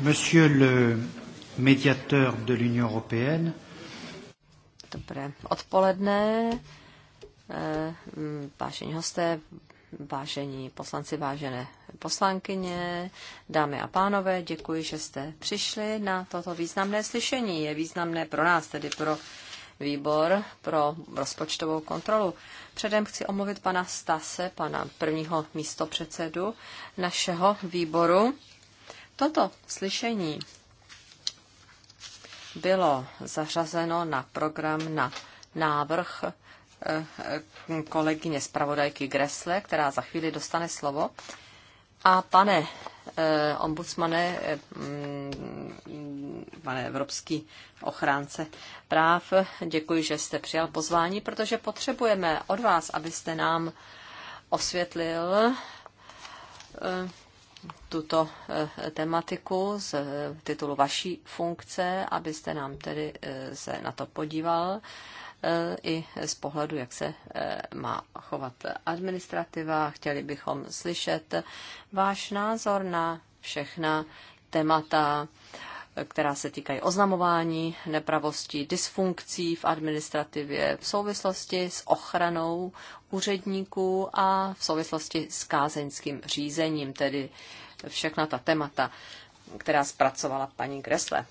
Monsieur le médiateur de l'Union européenne. Dobré odpoledne, eh, vážení hosté, vážení poslanci, vážené poslankyně, dámy a pánové, děkuji, že jste přišli na toto významné slyšení. Je významné pro nás, tedy pro výbor pro rozpočtovou kontrolu. Předem chci omluvit pana Stase, pana prvního místopředsedu našeho výboru Toto slyšení bylo zařazeno na program na návrh eh, eh, kolegyně zpravodajky Gresle, která za chvíli dostane slovo. A pane eh, ombudsmane, mm, pane evropský ochránce práv, děkuji, že jste přijal pozvání, protože potřebujeme od vás, abyste nám osvětlil tuto eh, tematiku z eh, titulu vaší funkce, abyste nám tedy eh, se na to podíval i z pohledu, jak se má chovat administrativa. Chtěli bychom slyšet váš názor na všechna témata která se týkají oznamování nepravostí, dysfunkcí v administrativě v souvislosti s ochranou úředníků a v souvislosti s kázeňským řízením, tedy všechna ta témata, která zpracovala paní Kresle.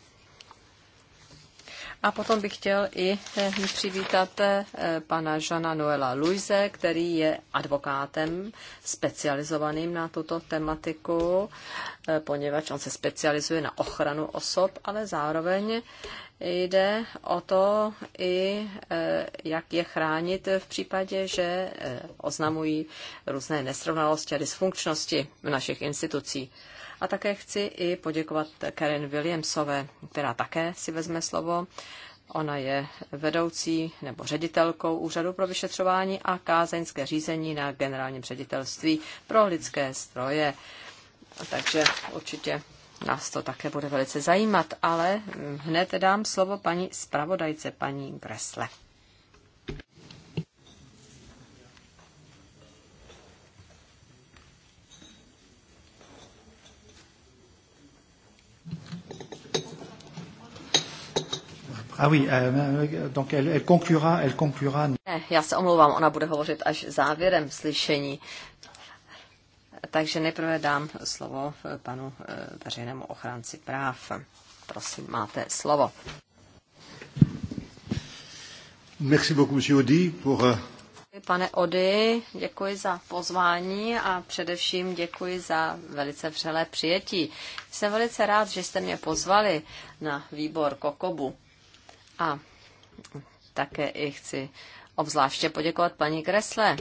A potom bych chtěl i eh, přivítat eh, pana Žana Noela Luise, který je advokátem specializovaným na tuto tematiku, eh, poněvadž on se specializuje na ochranu osob, ale zároveň jde o to i, jak je chránit v případě, že oznamují různé nesrovnalosti a dysfunkčnosti v našich institucí. A také chci i poděkovat Karen Williamsové, která také si vezme slovo. Ona je vedoucí nebo ředitelkou Úřadu pro vyšetřování a kázeňské řízení na generálním ředitelství pro lidské stroje. Takže určitě nás to také bude velice zajímat, ale hm, hned dám slovo paní zpravodajce, paní Bresle. Ah oui, euh, donc elle, elle conclura, elle conclura. Ne, já se omlouvám, ona bude hovořit až závěrem slyšení. Takže nejprve dám slovo panu eh, veřejnému ochránci práv. Prosím, máte slovo. Merci beaucoup, monsieur Audi, pour... Eh, Pane Ody, děkuji za pozvání a především děkuji za velice vřelé přijetí. Jsem velice rád, že jste mě pozvali na výbor Kokobu. A také i chci obzvláště poděkovat paní Kresle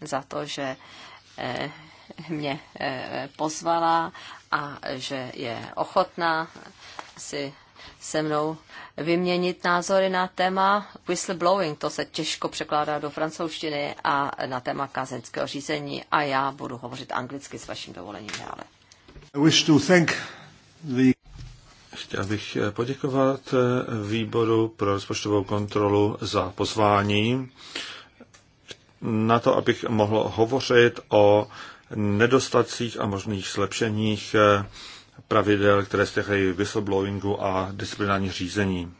za to, že eh, mě eh, pozvala a že je ochotná si se mnou vyměnit názory na téma whistleblowing, to se těžko překládá do francouzštiny, a na téma kazenského řízení a já budu hovořit anglicky s vaším dovolením dále. The... Chtěl bych poděkovat výboru pro rozpočtovou kontrolu za pozvání na to, abych mohl hovořit o nedostacích a možných zlepšeních pravidel, které stěhají whistleblowingu a disciplinární řízení.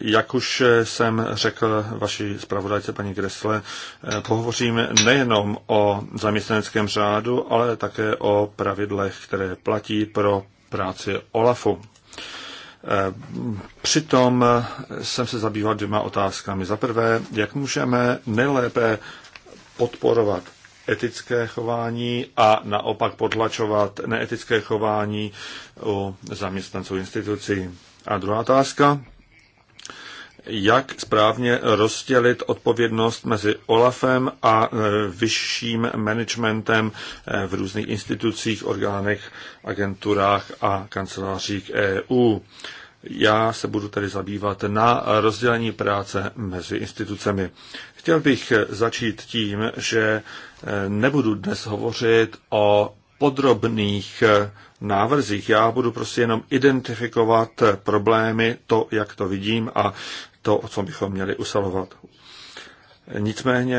Jak už jsem řekl vaší zpravodajce paní Gresle, pohovořím nejenom o zaměstnaneckém řádu, ale také o pravidlech, které platí pro práci OLAFu. Eh, přitom jsem se zabýval dvěma otázkami. Za prvé, jak můžeme nejlépe podporovat etické chování a naopak podlačovat neetické chování u zaměstnanců institucí. A druhá otázka, jak správně rozdělit odpovědnost mezi OLAFem a e, vyšším managementem e, v různých institucích, orgánech, agenturách a kancelářích EU. Já se budu tedy zabývat na rozdělení práce mezi institucemi. Chtěl bych začít tím, že e, nebudu dnes hovořit o podrobných návrzích. Já budu prostě jenom identifikovat problémy, to, jak to vidím a to, o co bychom měli usilovat. Nicméně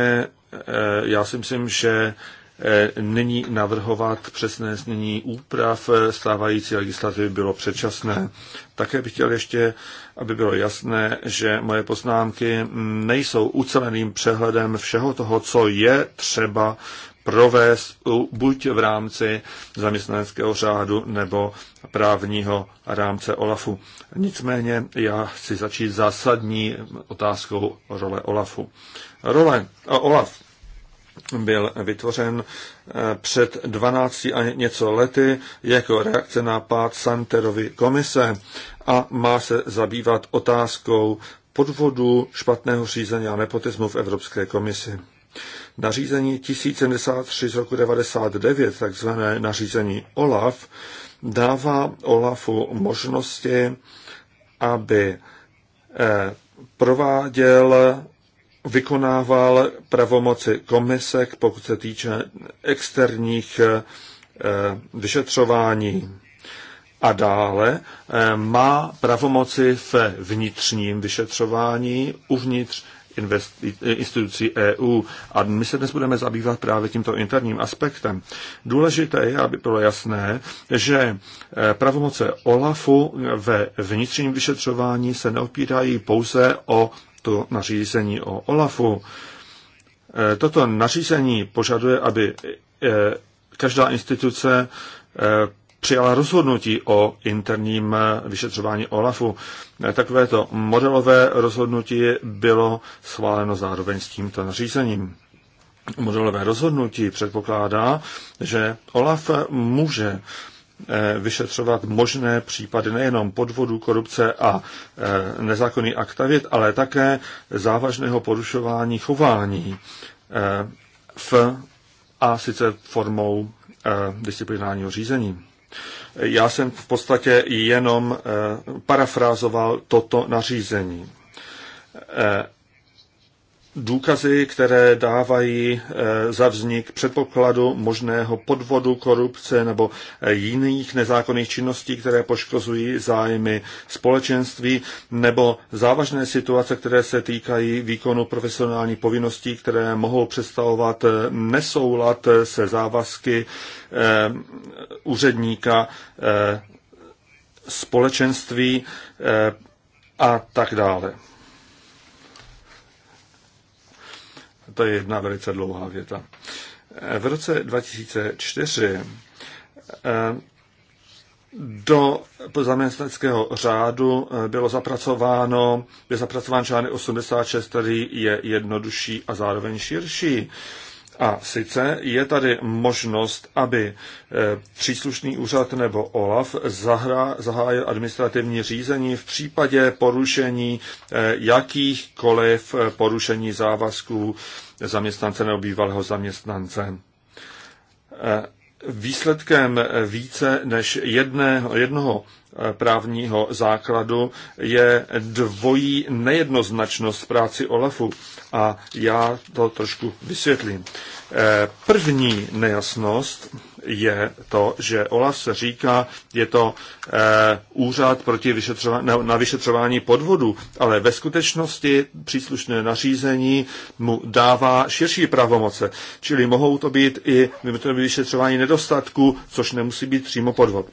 eh, já si myslím, že eh, nyní navrhovat přesné znění úprav eh, stávající legislativy bylo předčasné. Také bych chtěl ještě, aby bylo jasné, že moje poznámky mm, nejsou uceleným přehledem všeho toho, co je třeba provést buď v rámci zaměstnaneckého řádu nebo právního rámce OLAFu. Nicméně já chci začít zásadní otázkou role OLAFu. Role OLAF byl vytvořen eh, před 12 a něco lety jako reakce na pád Santerovy komise a má se zabývat otázkou podvodu, špatného řízení a nepotismu v Evropské komisi. Nařízení 1073 z roku 99, takzvané nařízení OLAF, dává OLAFu možnosti, aby eh, prováděl, vykonával pravomoci komisek, pokud se týče externích eh, vyšetřování. A dále eh, má pravomoci v vnitřním vyšetřování uvnitř institucí EU. A my se dnes budeme zabývat právě tímto interním aspektem. Důležité je, aby bylo jasné, že eh, pravomoce OLAFu ve vnitřním vyšetřování se neopírají pouze o to nařízení o OLAFu. Eh, toto nařízení požaduje, aby eh, každá instituce přijala rozhodnutí o interním eh, vyšetřování OLAFu. Eh, takovéto modelové rozhodnutí bylo schváleno zároveň s tímto nařízením. Modelové rozhodnutí předpokládá, že OLAF může eh, vyšetřovat možné případy nejenom podvodu, korupce a nezákonný aktavit, ale také závažného porušování chování v, a sice formou disciplinárního řízení. Já jsem v podstatě jenom eh, parafrázoval toto nařízení. Eh, důkazy, které dávají eh, za vznik předpokladu možného podvodu, korupce nebo eh, jiných nezákonných činností, které poškozují zájmy společenství, nebo závažné situace, které se týkají výkonu profesionální povinností, které mohou představovat eh, nesoulad se závazky úředníka společenství a tak dále. To je jedna velice dlouhá věta. Eh, v roce 2004 eh, do zaměstnického řádu eh, bylo zapracováno, byl zapracován článek 86, který je jednodušší a zároveň širší. A sice je tady možnost, aby eh, příslušný úřad nebo OLAF zahra, zahájil administrativní řízení v případě porušení eh, jakýchkoliv eh, porušení závazků zaměstnance nebo bývalého zaměstnance. Výsledkem více než jedného, jednoho eh, právního základu je dvojí nejednoznačnost práci OLAFu a já to trošku vysvětlím. Eh, první nejasnost je to, že OLAF se říká, je to eh, úřad proti vyšetřování, na, na vyšetřování podvodu, ale ve skutečnosti příslušné nařízení mu dává širší pravomoce, čili mohou to být i vyšetřování nedostatku, což nemusí být přímo podvod.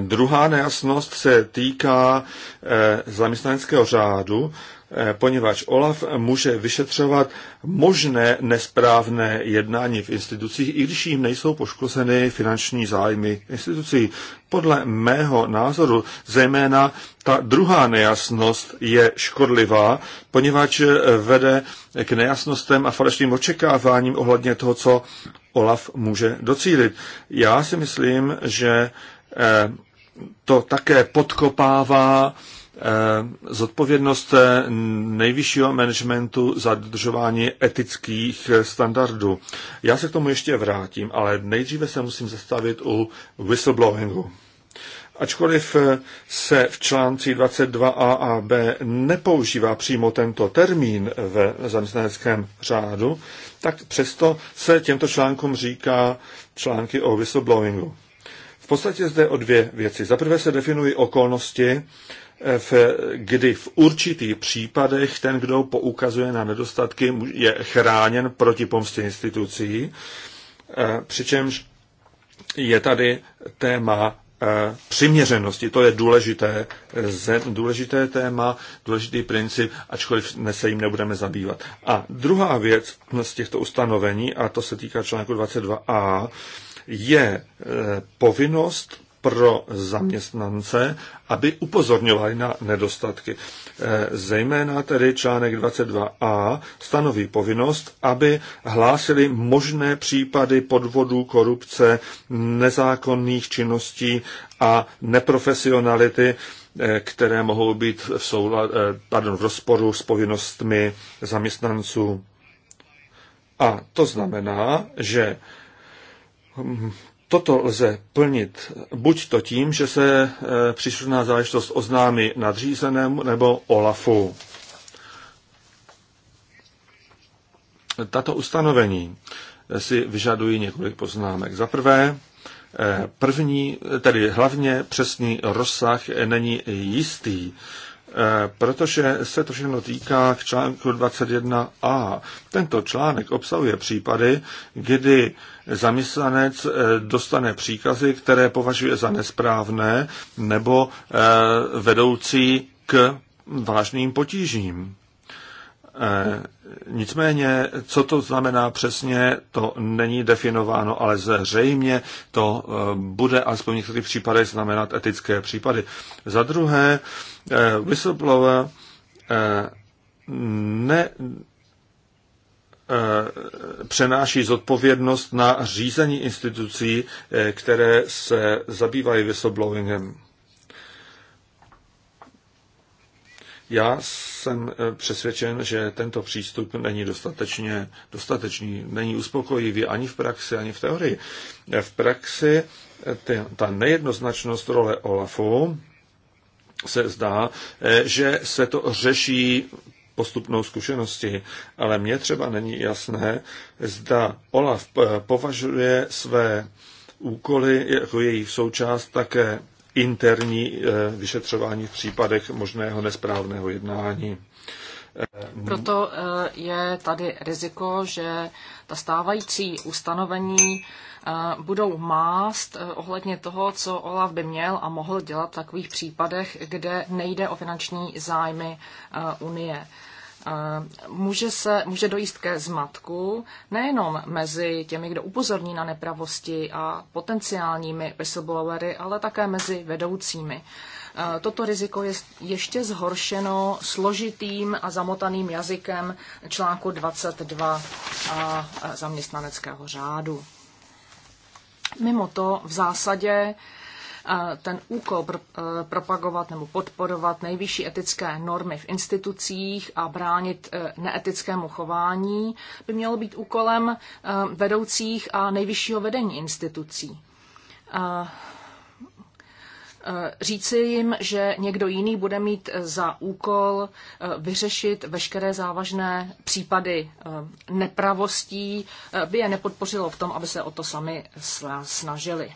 Druhá nejasnost se týká eh, zaměstnaneckého řádu, eh, poněvadž OLAF může vyšetřovat možné nesprávné jednání v institucích, i když jim nejsou poškozeny finanční zájmy institucí. Podle mého názoru zejména ta druhá nejasnost je škodlivá, poněvadž eh, vede k nejasnostem a falešným očekáváním ohledně toho, co OLAF může docílit. Já si myslím, že Eh, to také podkopává eh, zodpovědnost eh, nejvyššího managementu za dodržování etických standardů. Já se k tomu ještě vrátím, ale nejdříve se musím zastavit u whistleblowingu. Ačkoliv se v článci 22a a b nepoužívá přímo tento termín ve zaměstnaneckém řádu, tak přesto se těmto článkům říká články o whistleblowingu. V podstatě zde o dvě věci. Za prvé se definují okolnosti, eh, v, kdy v určitých případech ten, kdo poukazuje na nedostatky, je chráněn proti pomstě institucí, eh, přičemž je tady téma eh, přiměřenosti. To je důležité, důležité téma, důležitý princip, ačkoliv se jim nebudeme zabývat. A druhá věc z těchto ustanovení, a to se týká článku 22a, je eh, povinnost pro zaměstnance, aby upozorňovali na nedostatky. Eh, zejména tedy článek 22a stanoví povinnost, aby hlásili možné případy podvodů, korupce, nezákonných činností a neprofesionality, eh, které mohou být v, soula, pardon, v rozporu s povinnostmi zaměstnanců. A to znamená, že Toto lze plnit buď to tím, že se e, příslušná záležitost oznámí nadřízenému nebo OLAFu. Tato ustanovení e, si vyžadují několik poznámek. Za prvé, e, první, tedy hlavně přesný rozsah není jistý. Eh, protože se to všechno týká k článku 21a. Tento článek obsahuje případy, kdy zaměstnanec eh, dostane příkazy, které považuje za nesprávné nebo eh, vedoucí k vážným potížím. Nicméně, co to znamená přesně, to není definováno, ale zřejmě to bude alespoň v některých případech znamenat etické případy. Za druhé, Eh, whistleblower eh, ne, eh, přenáší zodpovědnost na řízení institucí, které se zabývají whistleblowingem. Já jsem přesvědčen, že tento přístup není dostatečně, dostatečný, není uspokojivý ani v praxi, ani v teorii. V praxi ty, ta nejednoznačnost role OLAFu se zdá, eh, že se to řeší postupnou zkušenosti, ale mně třeba není jasné, zda Olaf eh, považuje své úkoly jako jejich součást také interní eh, vyšetřování v případech možného nesprávného jednání. Proto je tady riziko, že ta stávající ustanovení budou mást eh, ohledně toho, co Olaf by měl a mohl dělat v takových případech, kde nejde o finanční zájmy eh, Unie eh, může, se, může dojít ke zmatku nejenom mezi těmi, kdo upozorní na nepravosti a potenciálními whistleblowery, ale také mezi vedoucími. Toto riziko je ještě zhoršeno složitým a zamotaným jazykem článku 22 a zaměstnaneckého řádu. Mimo to v zásadě eh, ten úkol eh, propagovat nebo podporovat nejvyšší etické normy v institucích a bránit eh, neetickému chování by mělo být úkolem vedoucích a nejvyššího vedení institucí. Eh, říci jim, že někdo jiný bude mít eh, za úkol eh, vyřešit veškeré závažné případy nepravostí, by je nepodpořilo v tom, aby se o to sami snažili.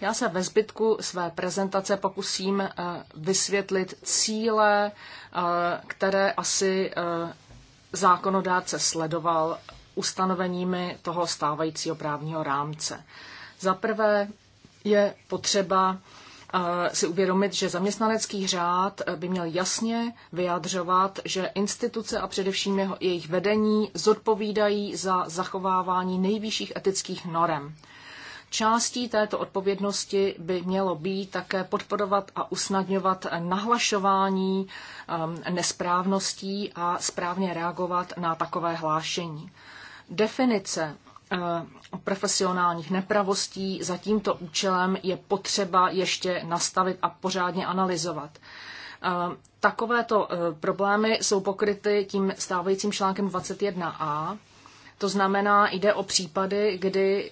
Já se ve zbytku své prezentace pokusím vysvětlit cíle, které asi zákonodárce sledoval ustanoveními toho stávajícího právního rámce. Za prvé je potřeba si uvědomit, že zaměstnanecký řád by měl jasně vyjadřovat, že instituce a především jeho, jejich vedení zodpovídají za zachovávání nejvyšších etických norem. Částí této odpovědnosti by mělo být také podporovat a usnadňovat nahlašování um, nesprávností a správně reagovat na takové hlášení. Definice Eh, profesionálních nepravostí. Za tímto účelem je potřeba ještě nastavit a pořádně analyzovat. Eh, takovéto eh, problémy jsou pokryty tím stávajícím článkem 21a. To znamená, jde o případy, kdy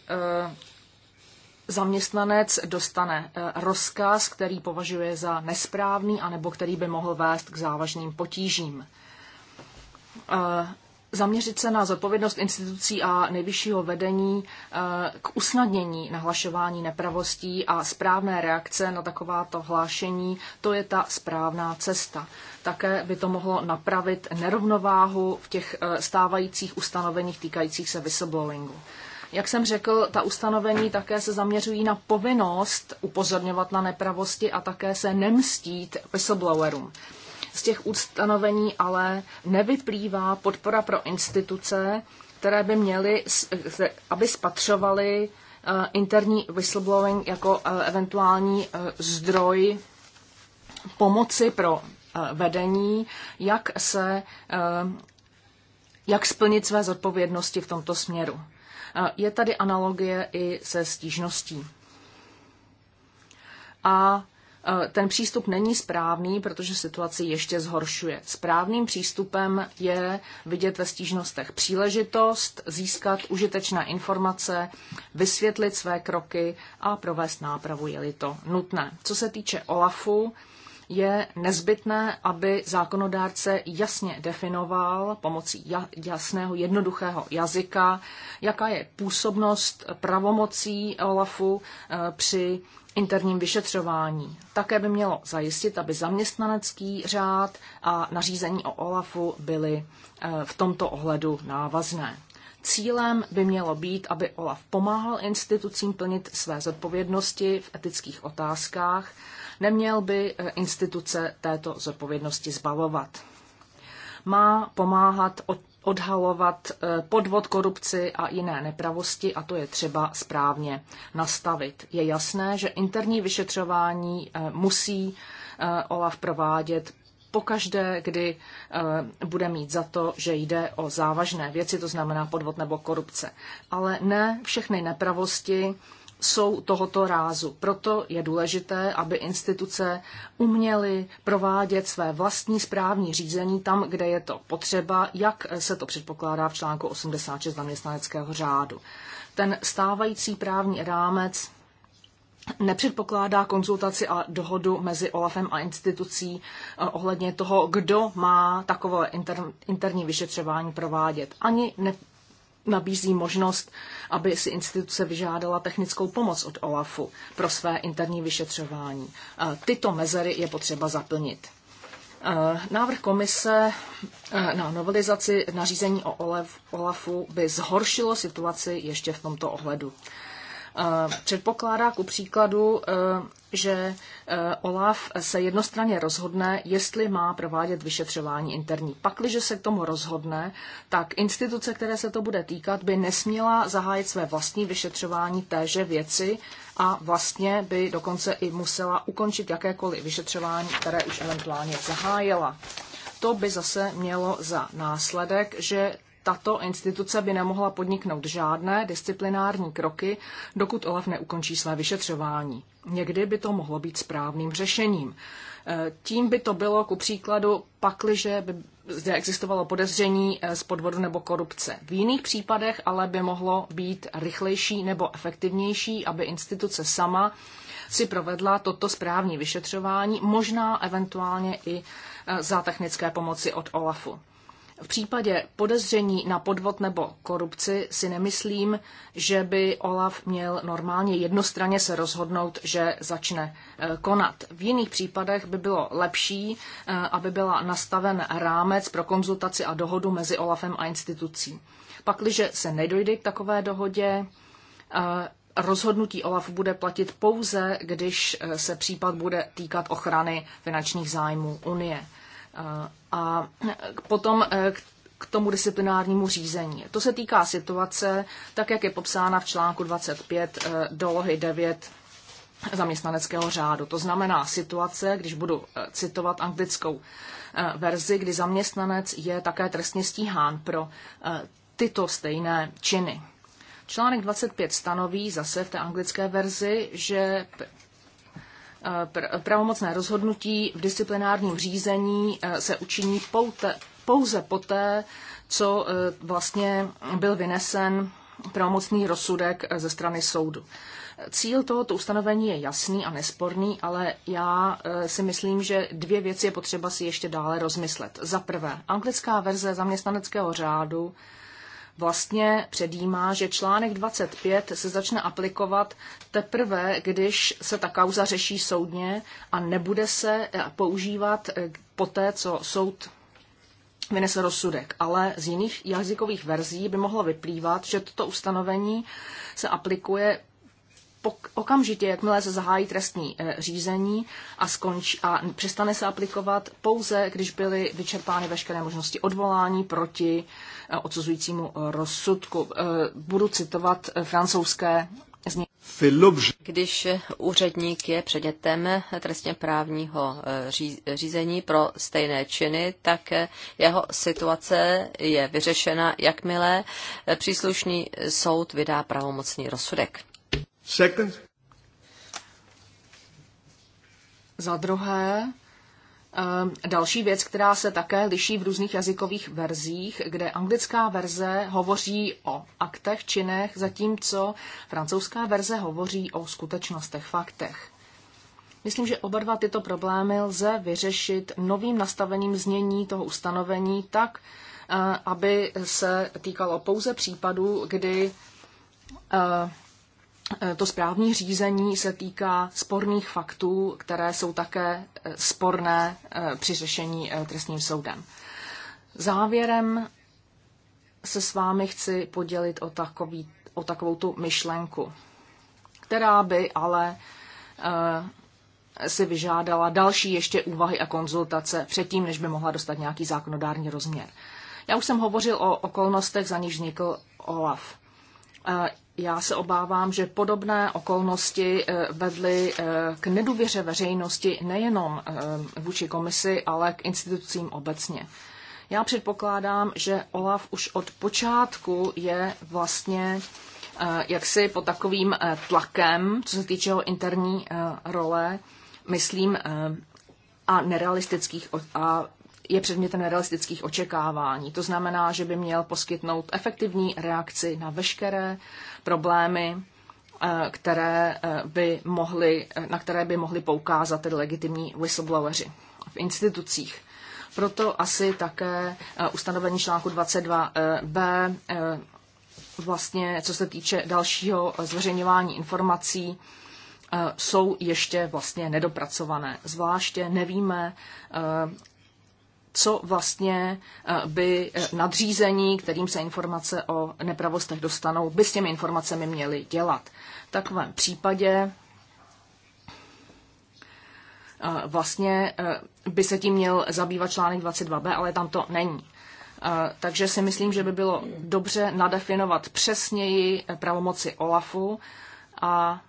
zaměstnanec dostane rozkaz, který považuje za nesprávný anebo který by mohl vést k závažným potížím zaměřit se na zodpovědnost institucí a nejvyššího vedení eh, k usnadnění nahlašování nepravostí a správné reakce na takováto hlášení, to je ta správná cesta. Také by to mohlo napravit nerovnováhu v těch eh, stávajících ustanoveních týkajících se whistleblowingu. Jak jsem řekl, ta ustanovení také se zaměřují na povinnost upozorňovat na nepravosti a také se nemstít whistleblowerům z těch ustanovení ale nevyplývá podpora pro instituce, které by měly, aby spatřovaly eh, interní whistleblowing jako eh, eventuální eh, zdroj pomoci pro vedení, jak se jak splnit své zodpovědnosti v tomto směru. Je tady analogie i se stížností. A Eh, ten přístup není správný, protože situaci ještě zhoršuje. Správným přístupem je vidět ve stížnostech příležitost, získat užitečné informace, vysvětlit své kroky a provést nápravu, je-li to nutné. Co se týče OLAFu, je nezbytné, aby zákonodárce jasně definoval pomocí jasného, jednoduchého jazyka, jaká je působnost pravomocí OLAFu eh, při interním vyšetřování. Také by mělo zajistit, aby zaměstnanecký řád a nařízení o OLAFu byly eh, v tomto ohledu návazné. Cílem by mělo být, aby OLAF pomáhal institucím plnit své zodpovědnosti v etických otázkách, neměl by eh, instituce této zodpovědnosti zbavovat. Má pomáhat odhalovat eh, podvod, korupci a jiné nepravosti a to je třeba správně nastavit. Je jasné, že interní vyšetřování eh, musí eh, OLAF provádět pokaždé, kdy bude mít za to, že jde o závažné věci, to znamená podvod nebo korupce. Ale ne všechny nepravosti jsou tohoto rázu. Proto je důležité, aby instituce uměly provádět své vlastní správní řízení tam, kde je to potřeba, jak se to předpokládá v článku 86 zaměstnaneckého řádu. Ten stávající právní rámec nepředpokládá konzultaci a dohodu mezi OLAFem a institucí eh, ohledně toho, kdo má takové interní vyšetřování provádět. Ani ne, nabízí možnost, aby si instituce vyžádala technickou pomoc od OLAFu pro své interní vyšetřování. E, tyto mezery je potřeba zaplnit. E, návrh komise e, na novelizaci nařízení o OLAFu by zhoršilo situaci ještě v tomto ohledu. Předpokládá ku příkladu že e, Olaf se jednostranně rozhodne, jestli má provádět vyšetřování interní. Pakliže se k tomu rozhodne, tak instituce, které se to bude týkat, by nesměla zahájit své vlastní vyšetřování téže věci a vlastně by dokonce i musela ukončit jakékoliv vyšetřování, které už eventuálně zahájila. To by zase mělo za následek, že tato instituce by nemohla podniknout žádné disciplinární kroky, dokud OLAF neukončí své vyšetřování. Někdy by to mohlo být správným řešením. Eh, tím by to bylo ku příkladu, pakliže by zde existovalo podezření eh, z podvodu nebo korupce. V jiných případech ale by mohlo být rychlejší nebo efektivnější, aby instituce sama si provedla toto správní vyšetřování, možná eventuálně i eh, za technické pomoci od OLAFu. V případě podezření na podvod nebo korupci si nemyslím, že by Olaf měl normálně jednostranně se rozhodnout, že začne eh, konat. V jiných případech by bylo lepší, eh, aby byla nastaven rámec pro konzultaci a dohodu mezi Olafem a institucí. Pakliže se nedojde k takové dohodě, eh, rozhodnutí OLAF bude platit pouze, když se případ bude týkat ochrany finančních zájmů Unie a potom eh, k tomu disciplinárnímu řízení. To se týká situace, tak jak je popsána v článku 25 eh, dolohy 9 zaměstnaneckého řádu. To znamená situace, když budu eh, citovat anglickou verzi, kdy zaměstnanec je také trestně stíhán pro tyto stejné činy. Článek 25 stanoví zase v té anglické verzi, že Eh, pravomocné rozhodnutí v disciplinárním řízení eh, se učiní pouze poté, co eh, vlastně byl vynesen pravomocný rozsudek ze strany soudu. Cíl tohoto ustanovení je jasný a nesporný, ale já si myslím, že dvě věci je potřeba si ještě dále rozmyslet. Za prvé, anglická verze zaměstnaneckého řádu vlastně předjímá, že článek 25 se začne aplikovat teprve, když se ta kauza řeší soudně a nebude se eh, používat eh, poté, co soud vynese rozsudek, ale z jiných jazykových verzí by mohlo vyplývat, že toto ustanovení se aplikuje okamžitě, jakmile se zahájí trestní e, řízení a, skonč, a přestane se aplikovat pouze, když byly vyčerpány veškeré možnosti odvolání proti e, odsuzujícímu rozsudku. E, budu citovat francouzské znění. Když úředník je předmětem trestně právního řízení pro stejné činy, tak jeho situace je vyřešena, jakmile příslušný soud vydá pravomocný rozsudek. Second. Za druhé, ehm, Další věc, která se také liší v různých jazykových verzích, kde anglická verze hovoří o aktech, činech, zatímco francouzská verze hovoří o skutečnostech, faktech. Myslím, že oba dva tyto problémy lze vyřešit novým nastavením znění toho ustanovení tak, eh, aby se týkalo pouze případů, kdy eh, Eh, to správní řízení se týká sporných faktů, které jsou také eh, sporné eh, při řešení trestním soudem. Závěrem se s vámi chci podělit o, takový, o takovou tu myšlenku, která by ale si vyžádala další ještě úvahy a konzultace předtím, než by mohla dostat nějaký zákonodární rozměr. Já už jsem hovořil o okolnostech, za níž vznikl OLAF. Já se obávám, že podobné okolnosti eh, vedly eh, k nedůvěře veřejnosti nejenom eh, vůči komisi, ale k institucím obecně. Já předpokládám, že OLAF už od počátku je vlastně jaksi pod takovým tlakem, co se týče jeho interní role, myslím, a nerealistických a je předmětem nerealistických očekávání. To znamená, že by měl poskytnout efektivní reakci na veškeré problémy, eh, eh, eh, které by mohly, na které by mohli poukázat tedy legitimní whistlebloweri v institucích. Proto asi také ustanovení článku 22b vlastně, co se týče dalšího zveřejňování informací, jsou ještě vlastně nedopracované. Zvláště nevíme, co vlastně eh, by eh, nadřízení, kterým se informace o nepravostech dostanou, by s těmi informacemi měli dělat. V takovém případě eh, vlastně by se tím měl zabývat článek 22b, ale tam to není. Takže si myslím, že by bylo dobře nadefinovat přesněji pravomoci OLAFu a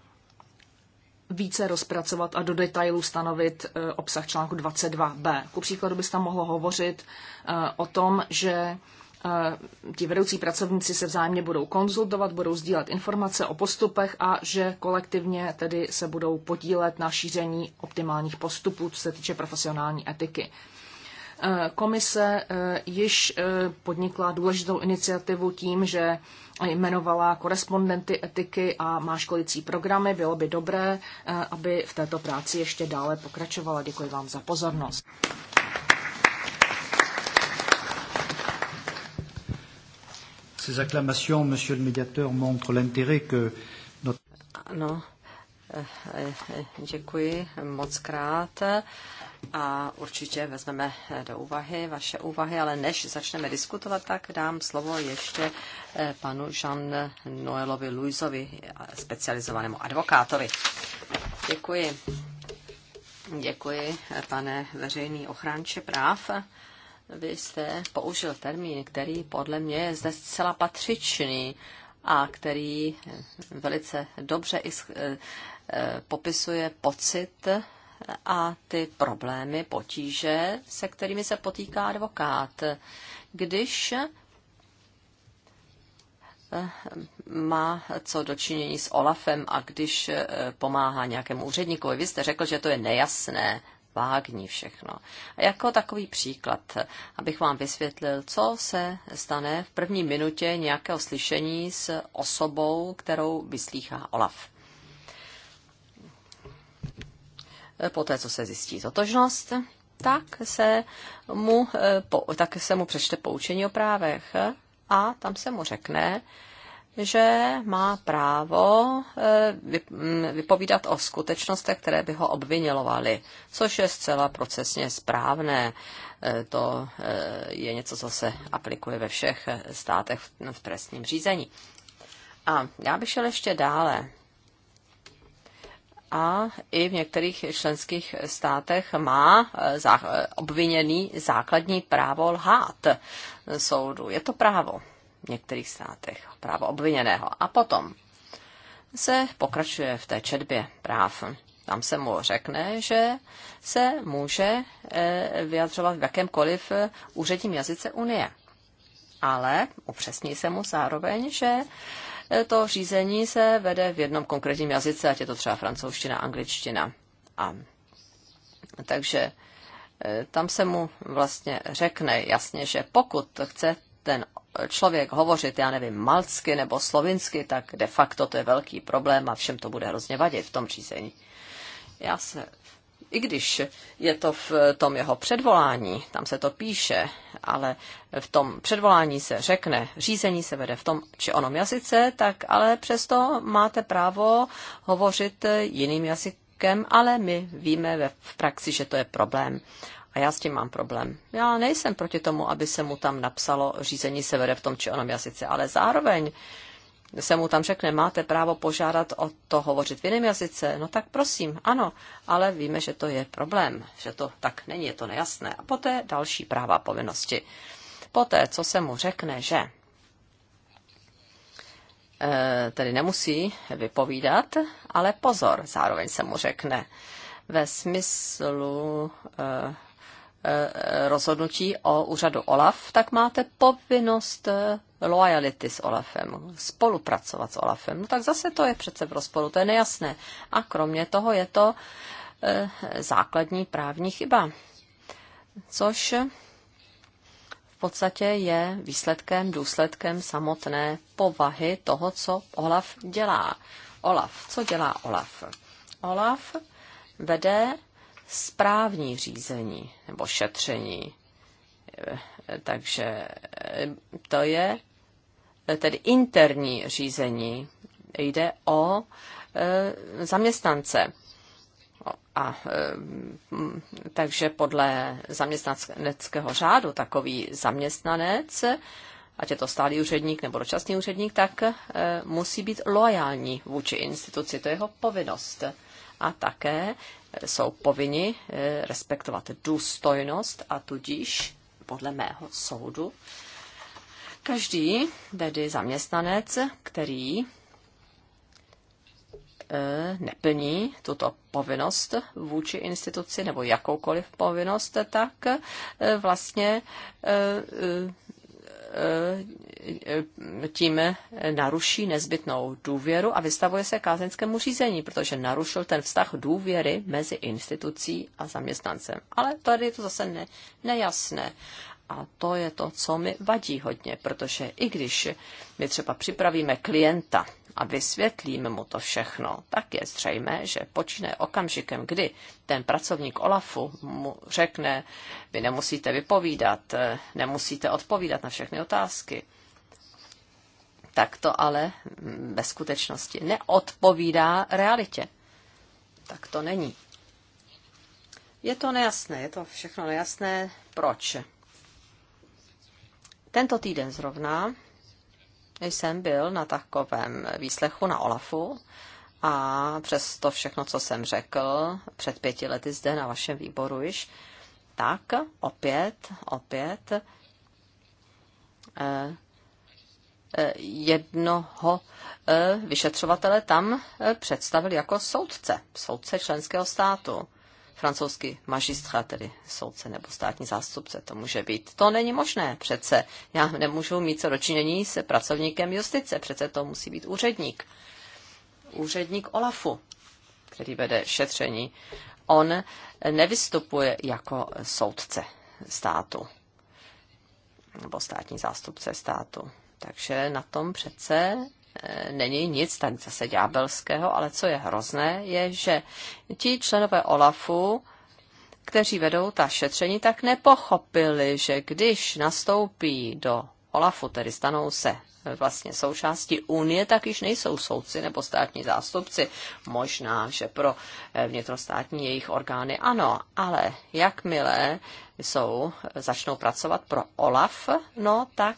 více rozpracovat a do detailu stanovit e, obsah článku 22b. Ku příkladu by tam mohlo hovořit e, o tom, že e, ti vedoucí pracovníci se vzájemně budou konzultovat, budou sdílet informace o postupech a že kolektivně tedy se budou podílet na šíření optimálních postupů, co se týče profesionální etiky. Eh, komise eh, již eh, podnikla důležitou iniciativu tím, že jmenovala korespondenty etiky a má školicí programy. Bylo by dobré, aby v této práci ještě dále pokračovala. Děkuji vám za pozornost. Ces acclamations, monsieur le médiateur, montrent l'intérêt que notre... Ano, děkuji moc krát a určitě vezmeme eh, do úvahy vaše úvahy, ale než začneme diskutovat, tak dám slovo ještě eh, panu Jean Noelovi Luizovi, eh, specializovanému advokátovi. Děkuji. Děkuji, pane veřejný ochránče práv. Vy jste použil termín, který podle mě je zde zcela patřičný a který velice dobře popisuje pocit a ty problémy, potíže, se kterými se potýká advokát, když eh, má co dočinění s Olafem a když eh, pomáhá nějakému úředníkovi. Vy jste řekl, že to je nejasné, vágní všechno. A jako takový příklad, abych vám vysvětlil, co se stane v první minutě nějakého slyšení s osobou, kterou vyslýchá Olaf. poté co se zjistí totožnost, tak se mu, eh, tak se mu přečte poučení o právech a tam se mu řekne, že má právo eh, mm, vypovídat o skutečnostech, které by ho obvinilovaly, což je zcela procesně správné. Eh, to je něco, co se aplikuje ve všech státech v trestním řízení. A já bych šel ještě dále a i v některých členských státech má eh, eh, obviněný základní právo lhát soudu. Je to právo v některých státech, právo obviněného. A potom se pokračuje v té četbě práv. Tam se mu řekne, že se může eh, vyjadřovat v jakémkoliv úředním jazyce Unie. Ale upřesní se mu zároveň, že to řízení se vede v jednom konkrétním jazyce, ať je to třeba francouzština, angličtina. A takže e, tam se mu vlastně řekne jasně, že pokud chce ten člověk hovořit, já nevím, malcky nebo slovinsky, tak de facto to je velký problém a všem to bude hrozně vadit v tom řízení. Já se i když je to v tom jeho předvolání, tam se to píše, ale v tom předvolání se řekne, řízení se vede v tom či onom jazyce, tak ale přesto máte právo hovořit jiným jazykem, ale my víme ve, v praxi, že to je problém. A já s tím mám problém. Já nejsem proti tomu, aby se mu tam napsalo řízení se vede v tom či onom jazyce, ale zároveň uh, se mu tam řekne, máte právo požádat o to hovořit v jiném jazyce, no tak prosím, ano, ale víme, že to je problém, že to tak není, je to nejasné. A poté další práva povinnosti. Poté, co se mu řekne, že eh, tedy nemusí vypovídat, ale pozor, zároveň se mu řekne ve smyslu eh, Eh, rozhodnutí o úřadu OLAF, tak máte povinnost eh, loyalty s OLAFem, spolupracovat s OLAFem. No tak zase to je přece v rozporu, to je nejasné. A kromě toho je to eh, základní právní chyba, což v podstatě je výsledkem, důsledkem samotné povahy toho, co OLAF dělá. OLAF, co dělá OLAF? OLAF vede správní řízení nebo šetření. Eh, takže eh, to je eh, tedy interní řízení. Jde o zaměstnance. A takže podle zaměstnaneckého řádu takový zaměstnanec, ať je to stálý úředník nebo dočasný úředník, tak musí být loajální vůči instituci. To je jeho povinnost. A také jsou povinni eh, respektovat důstojnost a tudíž, podle mého soudu, každý, tedy zaměstnanec, který eh, neplní tuto povinnost vůči instituci nebo jakoukoliv povinnost, tak eh, vlastně Eh, tím naruší nezbytnou důvěru a vystavuje se kázeňskému řízení, protože narušil ten vztah důvěry mezi institucí a zaměstnancem. Ale tady je to zase ne, nejasné. A to je to, co mi vadí hodně, protože i když my třeba připravíme klienta, a vysvětlíme mu to všechno, tak je zřejmé, že počíne okamžikem, kdy ten pracovník Olafu mu řekne, vy nemusíte vypovídat, eh, nemusíte odpovídat na všechny otázky. Tak to ale mm, ve skutečnosti neodpovídá realitě. Tak to není. Je to nejasné, je to všechno nejasné. Proč? Tento týden zrovna jsem byl na takovém výslechu na Olafu a přes to všechno, co jsem řekl před pěti lety zde na vašem výboru již, tak opět, opět eh, eh, jednoho eh, vyšetřovatele tam představil jako soudce, soudce členského státu francouzský mažistra, tedy soudce nebo státní zástupce, to může být. To není možné přece. Já nemůžu mít co dočinění se pracovníkem justice, přece to musí být úředník. Úředník Olafu, který vede šetření. On nevystupuje jako soudce státu nebo státní zástupce státu. Takže na tom přece není nic tak zase ďábelského, ale co je hrozné, je, že ti členové OLAFu, kteří vedou ta šetření, tak nepochopili, že když nastoupí do OLAFu, tedy stanou se vlastně součástí Unie, tak již nejsou soudci nebo státní zástupci. Možná, že pro eh, vnitrostátní jejich orgány ano, ale jakmile jsou, začnou pracovat pro OLAF, no tak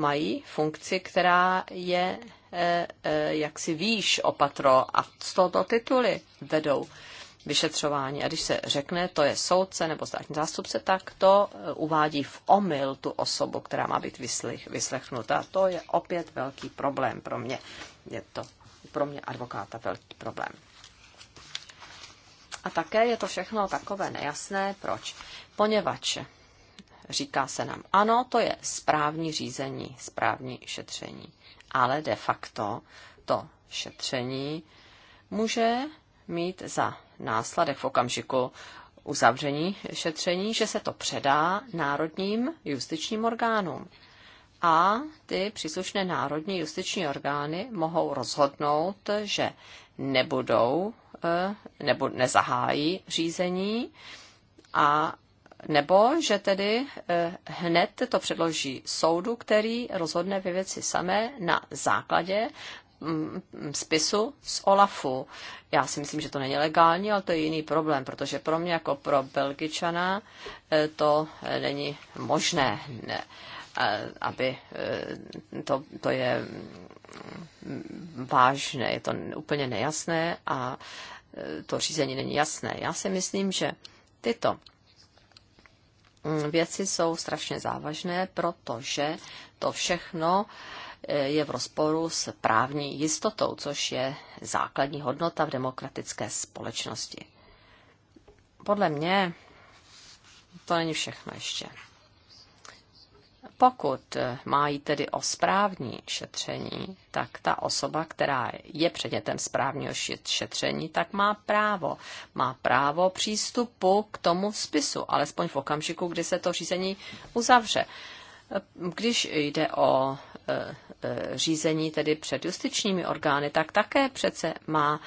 mají funkci, která je eh, eh, jaksi výš opatro a z tohoto tituly vedou vyšetřování. A když se řekne, to je soudce nebo státní zástupce, tak to eh, uvádí v omyl tu osobu, která má být vyslech, vyslechnuta. To je opět velký problém pro mě. Je to pro mě advokáta velký problém. A také je to všechno takové nejasné. Proč? Poněvadž Říká se nám, ano, to je správní řízení, správní šetření, ale de facto to šetření může mít za následek v okamžiku uzavření šetření, že se to předá národním justičním orgánům. A ty příslušné národní justiční orgány mohou rozhodnout, že nebudou eh, nebo nezahájí řízení a nebo že tedy eh, hned to předloží soudu, který rozhodne ve věci samé na základě mm, spisu z Olafu. Já si myslím, že to není legální, ale to je jiný problém, protože pro mě jako pro Belgičana eh, to eh, není možné, ne, aby to, to je mm, vážné, je to úplně nejasné a to řízení není jasné. Já si myslím, že tyto Mm, věci jsou strašně závažné, protože to všechno eh, je v rozporu s právní jistotou, což je základní hodnota v demokratické společnosti. Podle mě to není všechno ještě. Pokud má tedy o správní šetření, tak ta osoba, která je předmětem správního šetření, tak má právo. Má právo přístupu k tomu spisu, alespoň v okamžiku, kdy se to řízení uzavře. Když jde o e, e, řízení tedy před justičními orgány, tak také přece má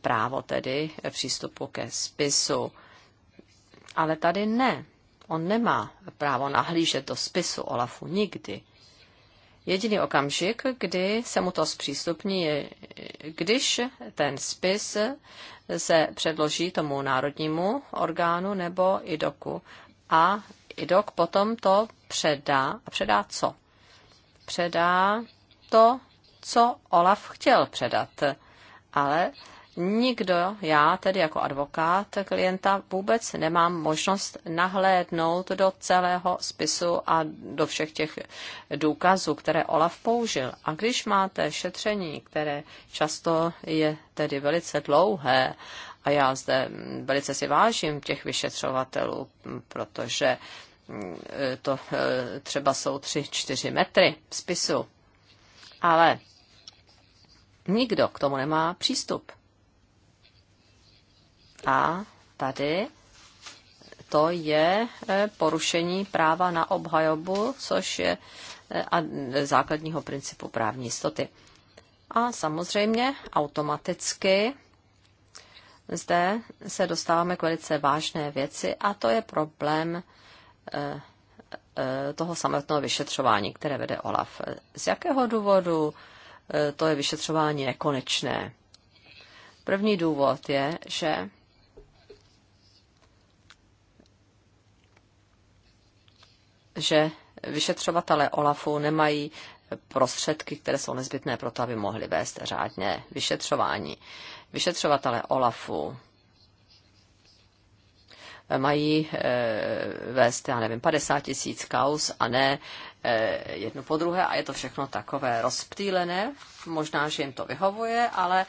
právo tedy přístupu ke spisu. Ale tady ne. On nemá právo nahlížet do spisu Olafu nikdy. Jediný okamžik, kdy se mu to zpřístupní, je, když ten spis se předloží tomu národnímu orgánu nebo IDOKu. A IDOK potom to předá. A předá co? Předá to, co Olaf chtěl předat. Ale nikdo, já tedy jako advokát klienta, vůbec nemám možnost nahlédnout do celého spisu a do všech těch důkazů, které Olaf použil. A když máte šetření, které často je tedy velice dlouhé, a já zde velice si vážím těch vyšetřovatelů, protože mm, to e, třeba jsou tři, čtyři metry spisu. Ale nikdo k tomu nemá přístup. A tady to je e, porušení práva na obhajobu, což je e, e, základního principu právní jistoty. A samozřejmě automaticky zde se dostáváme k velice vážné věci a to je problém toho samotného vyšetřování, které vede OLAF. Z jakého důvodu to je vyšetřování nekonečné? První důvod je, že že vyšetřovatele OLAFu nemají prostředky, které jsou nezbytné pro to, aby mohli vést řádně vyšetřování. Vyšetřovatele OLAFu mají e, vést, já nevím, 50 tisíc kaus a ne e, eh, jedno po druhé a je to všechno takové rozptýlené. Možná, že jim to vyhovuje, ale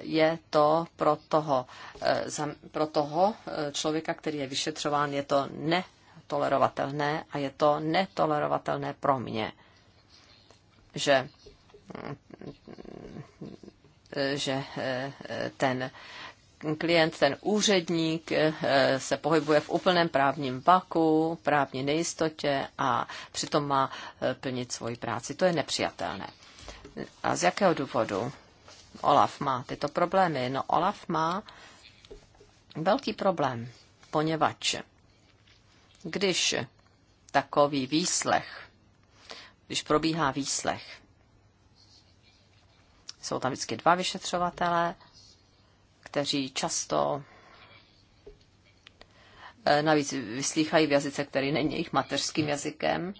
je to pro toho, eh, pro toho člověka, který je vyšetřován, je to ne tolerovatelné a je to netolerovatelné pro mě, že, že ten klient, ten úředník se pohybuje v úplném právním vaku, právní nejistotě a přitom má plnit svoji práci. To je nepřijatelné. A z jakého důvodu Olaf má tyto problémy? No, Olaf má velký problém, poněvadž když takový výslech, když probíhá výslech, jsou tam vždycky dva vyšetřovatelé, kteří často eh, navíc vyslýchají v jazyce, který není jejich mateřským jazykem,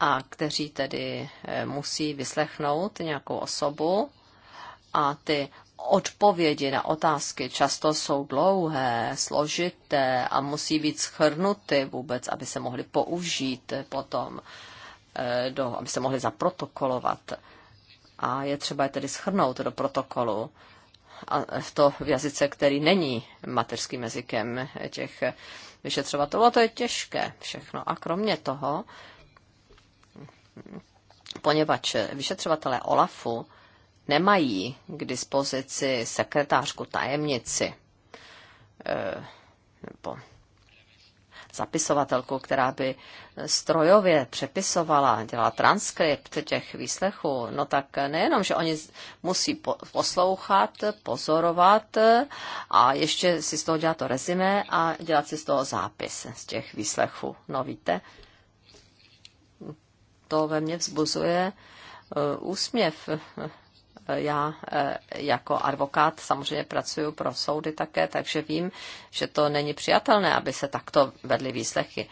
a kteří tedy eh, musí vyslechnout nějakou osobu a ty odpovědi na otázky často jsou dlouhé, složité a musí být schrnuty vůbec, aby se mohly použít potom, eh, do, aby se mohly zaprotokolovat. A je třeba je tedy schrnout do protokolu. A to v jazyce, který není mateřským jazykem těch vyšetřovatelů. A to je těžké všechno. A kromě toho, poněvadž vyšetřovatelé OLAFu nemají k dispozici sekretářku tajemnici eh, nebo zapisovatelku, která by strojově přepisovala, dělala transkript těch výslechů, no tak nejenom, že oni musí poslouchat, pozorovat eh, a ještě si z toho dělat to rezime a dělat si z toho zápis z těch výslechů. No víte, to ve mně vzbuzuje eh, úsměv, já e, jako advokát samozřejmě pracuji pro soudy také, takže vím, že to není přijatelné, aby se takto vedly výslechy.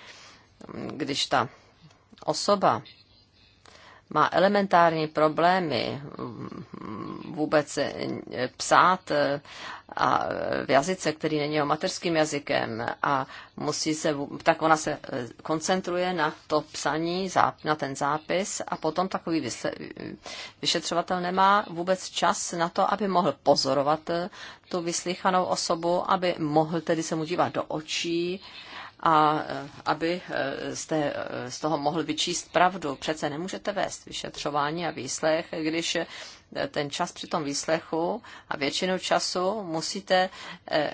Když ta osoba má elementární problémy mm, vůbec eh, psát eh, a v jazyce, který není jeho mateřským jazykem a musí se, tak ona se eh, koncentruje na to psaní, na ten zápis a potom takový vyšetřovatel nemá vůbec čas na to, aby mohl pozorovat tu vyslychanou osobu, aby mohl tedy se mu dívat do očí, a eh, aby eh, jste eh, z toho mohl vyčíst pravdu. Přece nemůžete vést vyšetřování a výslech, když ten čas při tom výslechu a většinu času musíte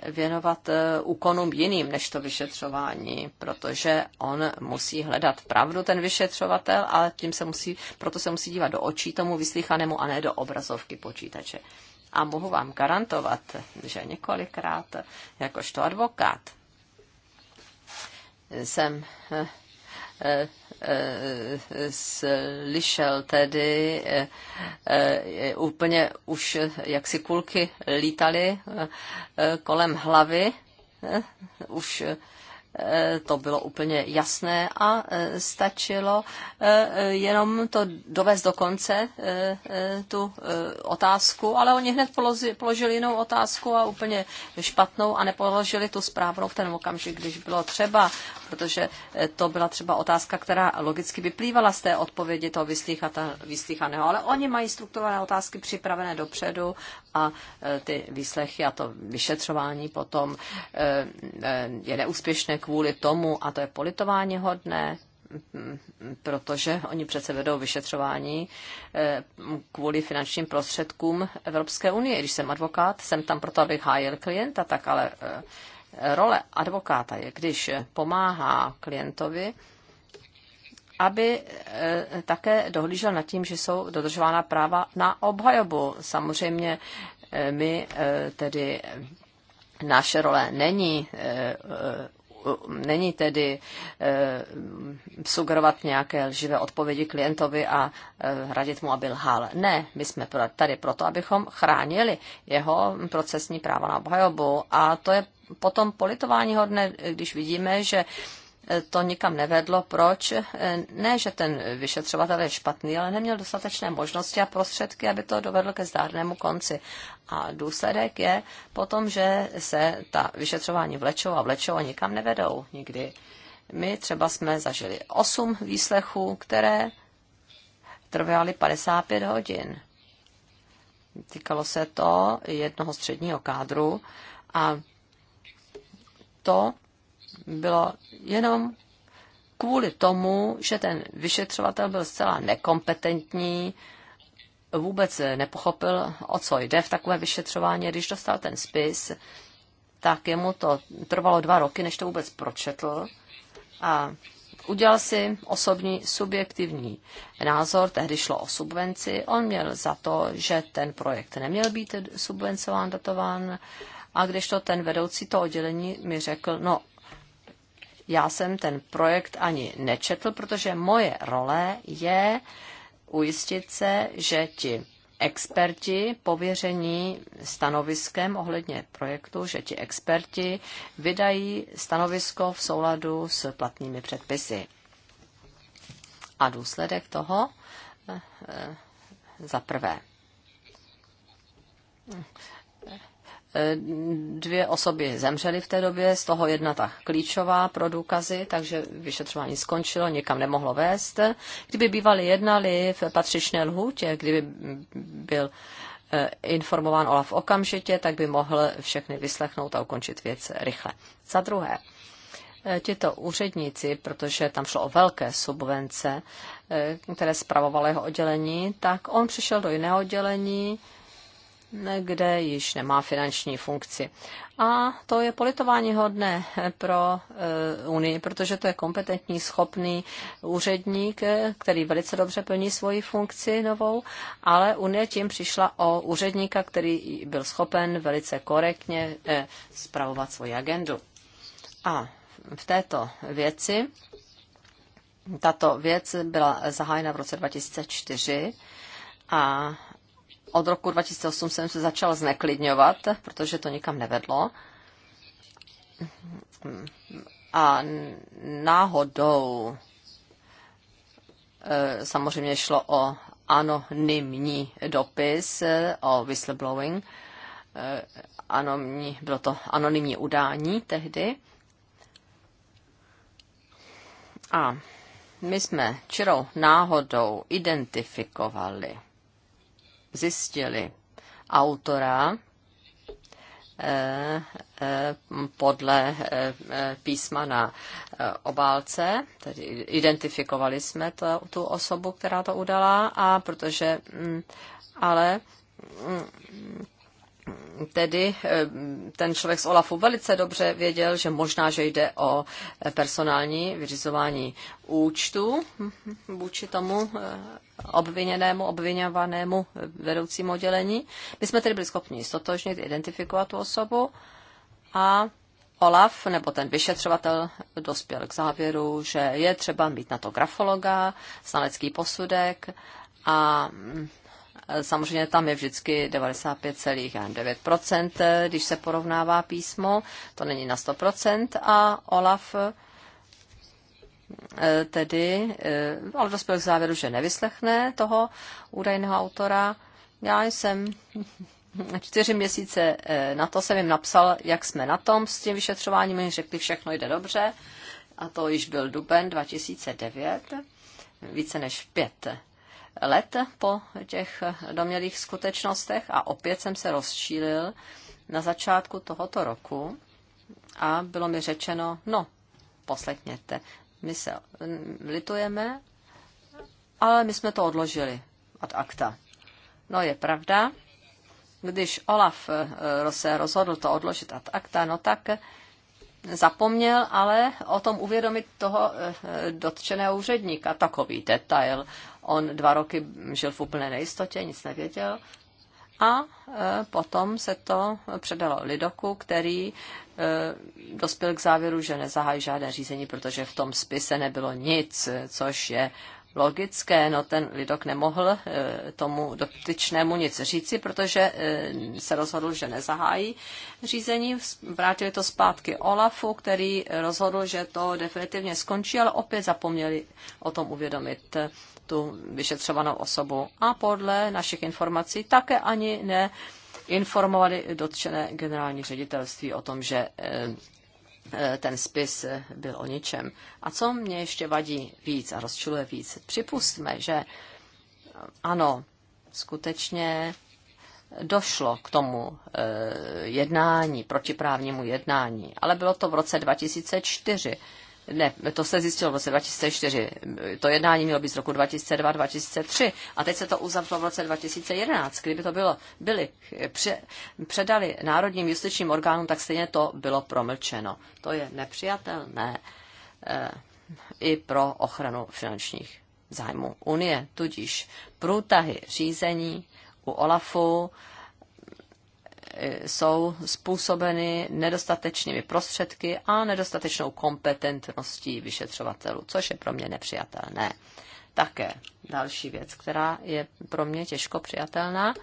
věnovat úkonům jiným než to vyšetřování, protože on musí hledat pravdu, ten vyšetřovatel, ale tím se musí, proto se musí dívat do očí tomu vyslychanému a ne do obrazovky počítače. A mohu vám garantovat, že několikrát jakožto advokát jsem eh, eh, eh, slyšel tedy úplně už jak si kulky lítaly kolem hlavy, už Eh, to bylo úplně jasné a eh, stačilo eh, jenom to dovést do konce, tu otázku, ale oni hned položili jinou otázku a úplně špatnou a nepoložili tu správnou v ten okamžik, když bylo třeba protože eh, to byla třeba otázka, která logicky vyplývala z té odpovědi toho vyslýchaného. Ale oni mají strukturované otázky připravené dopředu a eh, ty výslechy a to vyšetřování potom eh, je neúspěšné kvůli tomu a to je politování hodné, hm, protože oni přece vedou vyšetřování kvůli finančním prostředkům Evropské unie. Když jsem advokát, jsem tam proto, abych hájil klienta, tak ale role advokáta je, když pomáhá klientovi, aby eh, také dohlížel nad tím, že jsou dodržována práva na obhajobu. Samozřejmě eh, my eh, tedy naše role není není tedy e, sugerovat nějaké lživé odpovědi klientovi a e, mu, aby lhal. Ne, my jsme tady proto, abychom chránili jeho procesní práva na obhajobu a to je potom politování hodné, když vidíme, že to nikam nevedlo. Proč? Ne, že ten vyšetřovatel je špatný, ale neměl dostatečné možnosti a prostředky, aby to dovedlo ke zdárnému konci. A důsledek je potom, že se ta vyšetřování vlečou a vlečou a nikam nevedou nikdy. My třeba jsme zažili osm výslechů, které trvaly 55 hodin. Týkalo se to jednoho středního kádru a to bylo jenom kvůli tomu, že ten vyšetřovatel byl zcela nekompetentní, vůbec nepochopil, o co jde v takové vyšetřování. Když dostal ten spis, tak jemu to trvalo dva roky, než to vůbec pročetl. A udělal si osobní subjektivní názor, tehdy šlo o subvenci. On měl za to, že ten projekt neměl být subvencován, datován a když to ten vedoucí to oddělení mi řekl, no, já jsem ten projekt ani nečetl, protože moje role je ujistit se, že ti experti pověření stanoviskem ohledně projektu, že ti experti vydají stanovisko v souladu s platnými předpisy. A důsledek toho eh, eh, za prvé Dvě osoby zemřely v té době, z toho jedna ta klíčová pro důkazy, takže vyšetřování skončilo, nikam nemohlo vést. Kdyby bývali jednali v patřičné lhůtě, kdyby byl eh, informován Olaf okamžitě, tak by mohl všechny vyslechnout a ukončit věc rychle. Za druhé, eh, tito úředníci, protože tam šlo o velké subvence, eh, které zpravovalo jeho oddělení, tak on přišel do jiného oddělení, kde již nemá finanční funkci. A to je politování hodné pro eh, Unii, protože to je kompetentní, schopný úředník, který velice dobře plní svoji funkci novou, ale Unie tím přišla o úředníka, který byl schopen velice korektně eh, spravovat svoji agendu. A v této věci, tato věc byla zahájena v roce 2004 a od roku 2008 jsem se začal zneklidňovat, protože to nikam nevedlo. A náhodou e, samozřejmě šlo o anonymní dopis e, o whistleblowing. E, anonymní, bylo to anonymní udání tehdy. A my jsme čirou náhodou identifikovali zjistili autora eh, eh, podle eh, písma na obálce, tedy identifikovali jsme to, tu osobu, která to udala, a protože mm, ale mm, tedy eh, ten člověk z Olafu velice dobře věděl, že možná, že jde o eh, personální vyřizování účtu vůči tomu eh, obviněnému, obviněvanému vedoucímu oddělení. My jsme tedy byli schopni stotožnit, identifikovat tu osobu a Olaf, nebo ten vyšetřovatel, dospěl k závěru, že je třeba mít na to grafologa, znalecký posudek a mm, samozřejmě tam je vždycky 95,9%, když se porovnává písmo, to není na 100%, a Olaf eh, tedy, eh, ale dospěl k závěru, že nevyslechne toho údajného autora. Já jsem čtyři měsíce eh, na to jsem jim napsal, jak jsme na tom s tím vyšetřováním. Oni řekli, všechno jde dobře. A to již byl duben 2009, více než pět let po těch domělých skutečnostech a opět jsem se rozčílil na začátku tohoto roku a bylo mi řečeno, no, poslechněte, my se litujeme, ale my jsme to odložili od akta. No je pravda, když Olaf eh, se rozhodl to odložit od akta, no tak zapomněl ale o tom uvědomit toho eh, dotčeného úředníka. Takový detail. On dva roky žil v úplné nejistotě, nic nevěděl. A e, potom se to předalo Lidoku, který e, dospěl k závěru, že nezahájí žádné řízení, protože v tom spise nebylo nic, což je logické. No ten Lidok nemohl e, tomu dotyčnému nic říci, protože se rozhodl, že nezahájí řízení. Vrátili to zpátky Olafu, který rozhodl, že to definitivně skončí, ale opět zapomněli o tom uvědomit tu vyšetřovanou osobu. A podle našich informací také ani ne informovali dotčené generální ředitelství o tom, že eh, eh, ten spis byl o ničem. A co mě ještě vadí víc a rozčiluje víc? Připustme, že eh, ano, skutečně došlo k tomu jednání, protiprávnímu jednání, ale bylo to v roce 2004 ne, to se zjistilo v roce 2004, to jednání mělo být z roku 2002-2003 a teď se to uzavřelo v roce 2011. Kdyby to bylo, byli, pře, předali národním justičním orgánům, tak stejně to bylo promlčeno. To je nepřijatelné e, i pro ochranu finančních zájmů Unie, tudíž průtahy řízení u OLAFu, e, jsou způsobeny nedostatečnými prostředky a nedostatečnou kompetentností vyšetřovatelů, což je pro mě nepřijatelné. Také další věc, která je pro mě těžko přijatelná,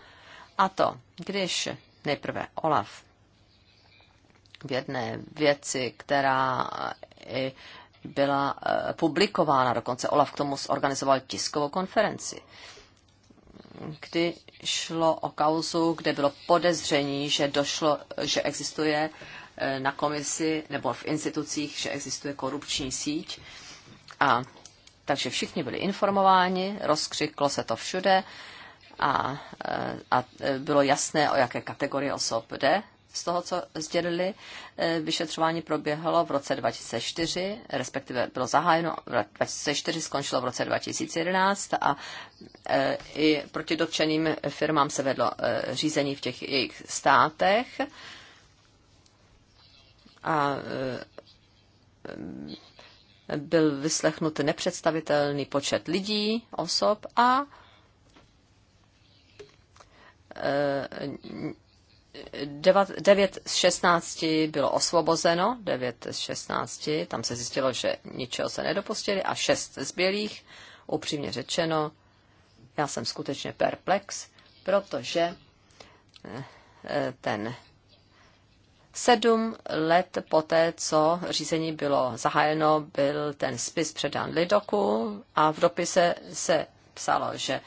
a to, když nejprve Olaf v jedné věci, která i byla eh, publikována, dokonce Olaf k tomu zorganizoval tiskovou konferenci, kdy šlo o kauzu, kde bylo podezření, že došlo, že existuje eh, na komisi nebo v institucích, že existuje korupční síť. A takže všichni byli informováni, rozkřiklo se to všude a, eh, a eh, bylo jasné, o jaké kategorie osob jde z toho, co sdělili, eh, vyšetřování proběhlo v roce 2004, respektive bylo zahájeno v roce 2004, skončilo v roce 2011 a eh, i proti dotčeným firmám se vedlo eh, řízení v těch jejich státech. A byl vyslechnut nepředstavitelný počet lidí, osob a 9 z 16 bylo osvobozeno, 9 z 16, tam se zjistilo, že ničeho se nedopustili a 6 z bělých, upřímně řečeno, já jsem skutečně perplex, protože eh, eh, ten sedm let poté, co řízení bylo zahájeno, byl ten spis předán Lidoku a v dopise se psalo, že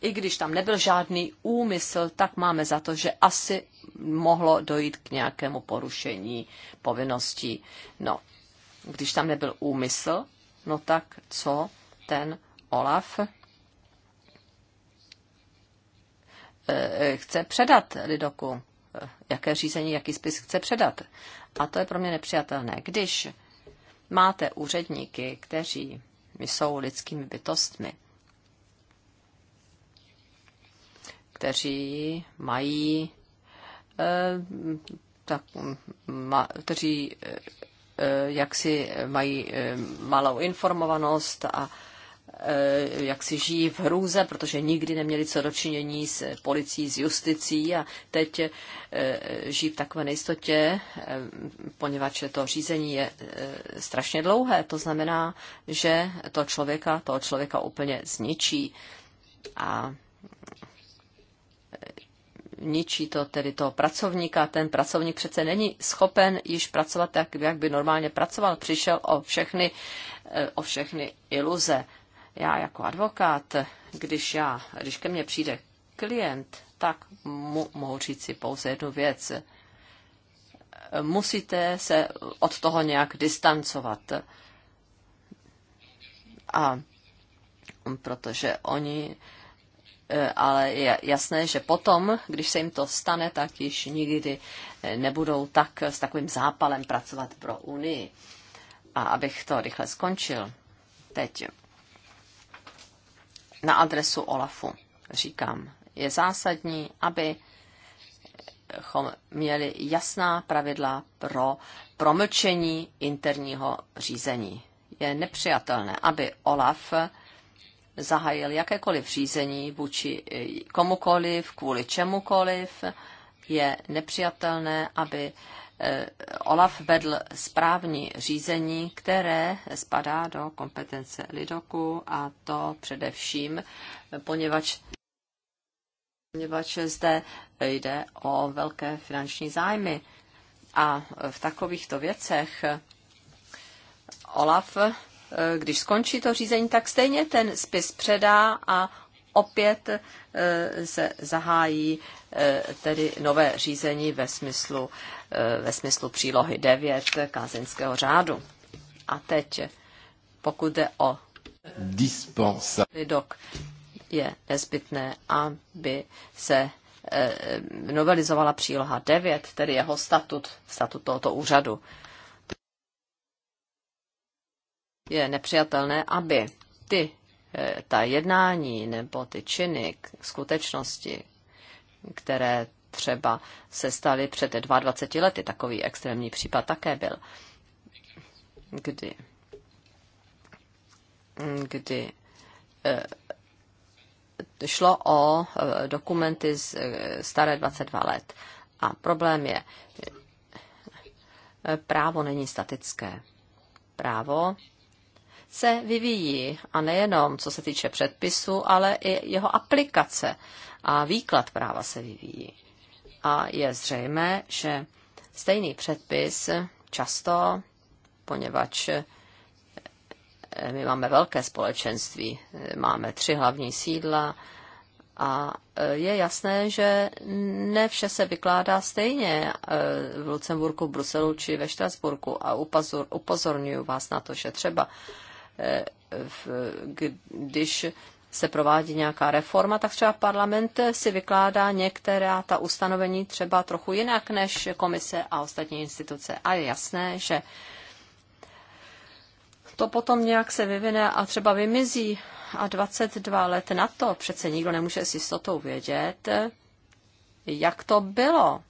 i když tam nebyl žádný úmysl, tak máme za to, že asi mohlo dojít k nějakému porušení povinností. No, když tam nebyl úmysl, no tak co ten Olaf eh, chce předat Lidoku? Eh, jaké řízení, jaký spis chce předat? A to je pro mě nepřijatelné. Když máte úředníky, kteří jsou lidskými bytostmi, kteří mají eh, tak, ma, kteří eh, jak si mají eh, malou informovanost a jak si žijí v hrůze, protože nikdy neměli co dočinění s policií, s justicí a teď žijí v takové nejistotě, poněvadž to řízení je strašně dlouhé. To znamená, že to člověka, toho člověka úplně zničí. A ničí to tedy toho pracovníka. Ten pracovník přece není schopen již pracovat tak, jak by normálně pracoval. Přišel o všechny, eh, o všechny iluze. Já jako advokát, když, já, když ke mně přijde klient, tak mu mohu říct si pouze jednu věc. Musíte se od toho nějak distancovat. A protože oni Eh, ale je jasné, že potom, když se jim to stane, tak již nikdy eh, nebudou tak eh, s takovým zápalem pracovat pro Unii. A abych to rychle skončil, teď na adresu Olafu říkám, je zásadní, aby měli jasná pravidla pro promlčení interního řízení. Je nepřijatelné, aby Olaf zahájil jakékoliv řízení vůči eh, komukoliv, kvůli čemukoliv, je nepřijatelné, aby eh, Olaf vedl správní řízení, které spadá do kompetence Lidoku a to především, poněvadž, poněvadž zde jde o velké finanční zájmy. A v takovýchto věcech Olaf Eh, když skončí to řízení, tak stejně ten spis předá a opět eh, se zahájí eh, tedy nové řízení ve smyslu, ve smyslu přílohy 9 kázeňského řádu. A teď, pokud jde o lidok, je nezbytné, aby se novelizovala příloha 9, tedy jeho statut, statut tohoto úřadu je nepřijatelné, aby ty, eh, ta jednání nebo ty činy, skutečnosti, které třeba se staly před 22 lety, takový extrémní případ také byl, kdy, kdy eh, šlo o eh, dokumenty z staré 22 let. A problém je, právo není statické. Právo se vyvíjí. A nejenom co se týče předpisu, ale i jeho aplikace a výklad práva se vyvíjí. A je zřejmé, že stejný předpis často, poněvadž eh, my máme velké společenství, eh, máme tři hlavní sídla a eh, je jasné, že ne vše se vykládá stejně v Lucemburku, v Bruselu či ve Štrasburku a upozorňuji vás na to, že třeba když se provádí nějaká reforma, tak třeba parlament si vykládá některá ta ustanovení třeba trochu jinak než komise a ostatní instituce. A je jasné, že to potom nějak se vyvine a třeba vymizí a 22 let na to přece nikdo nemůže s jistotou vědět, jak to bylo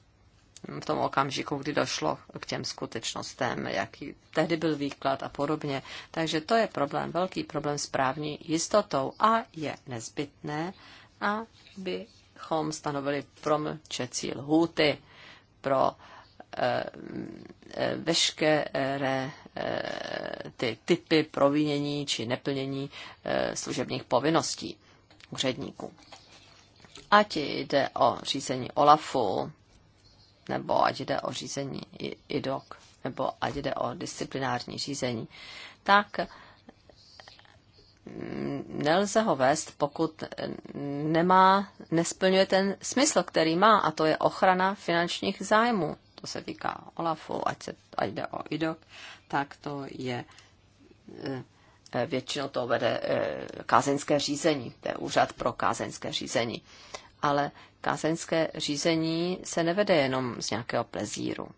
v tom okamžiku, kdy došlo k těm skutečnostem, jaký tehdy byl výklad a podobně. Takže to je problém, velký problém s právní jistotou a je nezbytné, abychom stanovili promlčecí lhůty pro eh, eh, veškeré eh, ty typy provinění či neplnění služebních povinností úředníků. Ať jde o řízení OLAFu, nebo ať jde o řízení IDOC, nebo ať jde o disciplinární řízení, tak mm, nelze ho vést, pokud nemá, nesplňuje ten smysl, který má, a to je ochrana finančních zájmů. To se týká OLAFu, ať, se, ať jde o IDOC, tak to je e, většinou to vede e, kázeňské řízení, to je úřad pro kázeňské řízení. Ale kázeňské řízení se nevede jenom z nějakého plezíru.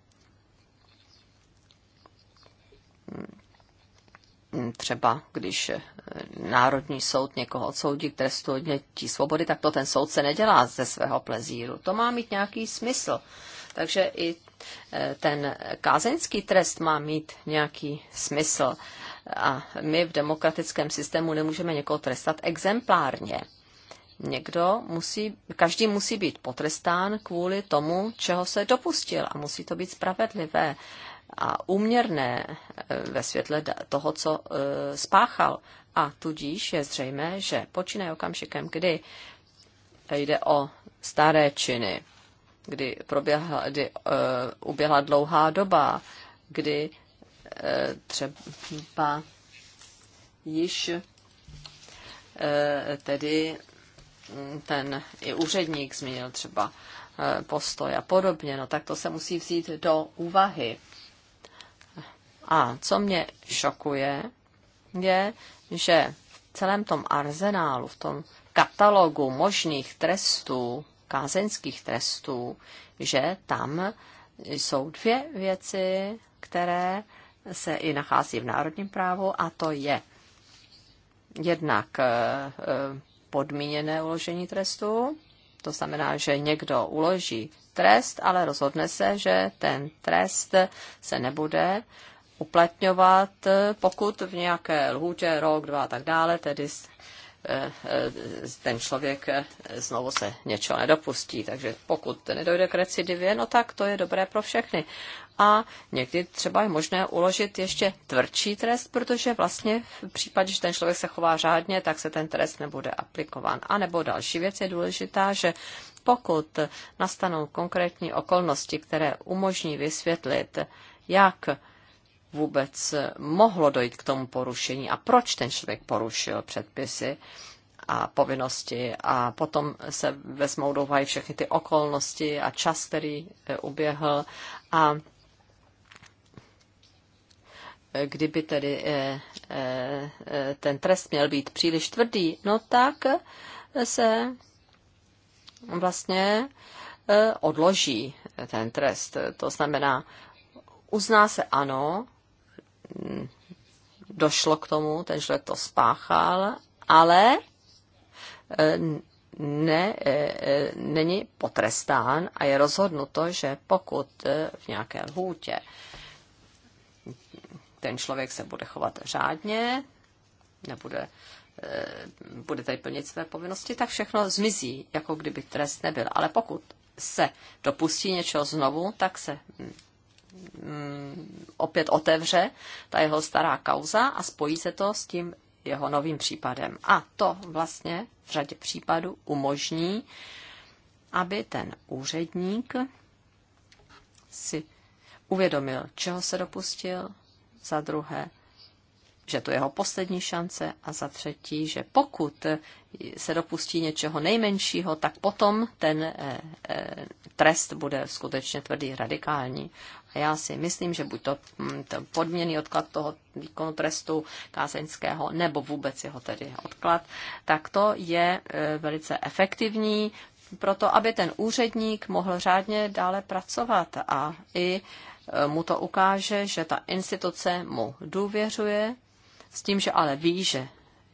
Třeba když eh, Národní soud někoho odsoudí k trestu odnětí svobody, tak to ten soud se nedělá ze svého plezíru. To má mít nějaký smysl. Takže i eh, ten kázeňský trest má mít nějaký smysl. A my v demokratickém systému nemůžeme někoho trestat exemplárně někdo musí, každý musí být potrestán kvůli tomu, čeho se dopustil a musí to být spravedlivé a úměrné eh, ve světle toho, co eh, spáchal. A tudíž je zřejmé, že počínaje okamžikem, kdy jde o staré činy, kdy, proběhla, kdy uh, uběhla dlouhá doba, kdy uh, třeba již uh, tedy ten i úředník změnil třeba eh, postoj a podobně, no tak to se musí vzít do úvahy. A co mě šokuje, je, že v celém tom arzenálu, v tom katalogu možných trestů, kázeňských trestů, že tam jsou dvě věci, které se i nachází v národním právu, a to je jednak eh, eh, podmíněné uložení trestu. To znamená, že někdo uloží trest, ale rozhodne se, že ten trest se nebude uplatňovat, pokud v nějaké lhůtě, rok, dva a tak dále, tedy Eh, eh, ten člověk eh, znovu se něčeho nedopustí. Takže pokud nedojde k recidivě, no tak to je dobré pro všechny. A někdy třeba je možné uložit ještě tvrdší trest, protože vlastně v případě, že ten člověk se chová řádně, tak se ten trest nebude aplikován. A nebo další věc je důležitá, že pokud nastanou konkrétní okolnosti, které umožní vysvětlit, jak vůbec mohlo dojít k tomu porušení a proč ten člověk porušil předpisy a povinnosti a potom se vezmou do úvahy všechny ty okolnosti a čas, který eh, uběhl a eh, kdyby tedy eh, ten trest měl být příliš tvrdý, no tak se vlastně odloží ten trest. To znamená, uzná se ano, došlo k tomu, ten člověk to spáchal, ale e, ne, e, e, není potrestán a je rozhodnuto, že pokud v nějaké lhůtě ten člověk se bude chovat řádně, nebude bude tady plnit své povinnosti, tak všechno zmizí, jako kdyby trest nebyl. Ale pokud se dopustí něčeho znovu, tak se Mm, opět otevře ta jeho stará kauza a spojí se to s tím jeho novým případem. A to vlastně v řadě případů umožní, aby ten úředník si uvědomil, čeho se dopustil, za druhé, že to je jeho poslední šance a za třetí, že pokud se dopustí něčeho nejmenšího, tak potom ten eh, eh, trest bude skutečně tvrdý, radikální. A já si myslím, že buď to, mm, to podměný odklad toho výkonu trestu kázeňského, nebo vůbec jeho tedy odklad, tak to je e, velice efektivní proto, aby ten úředník mohl řádně dále pracovat a i e, mu to ukáže, že ta instituce mu důvěřuje, s tím, že ale ví, že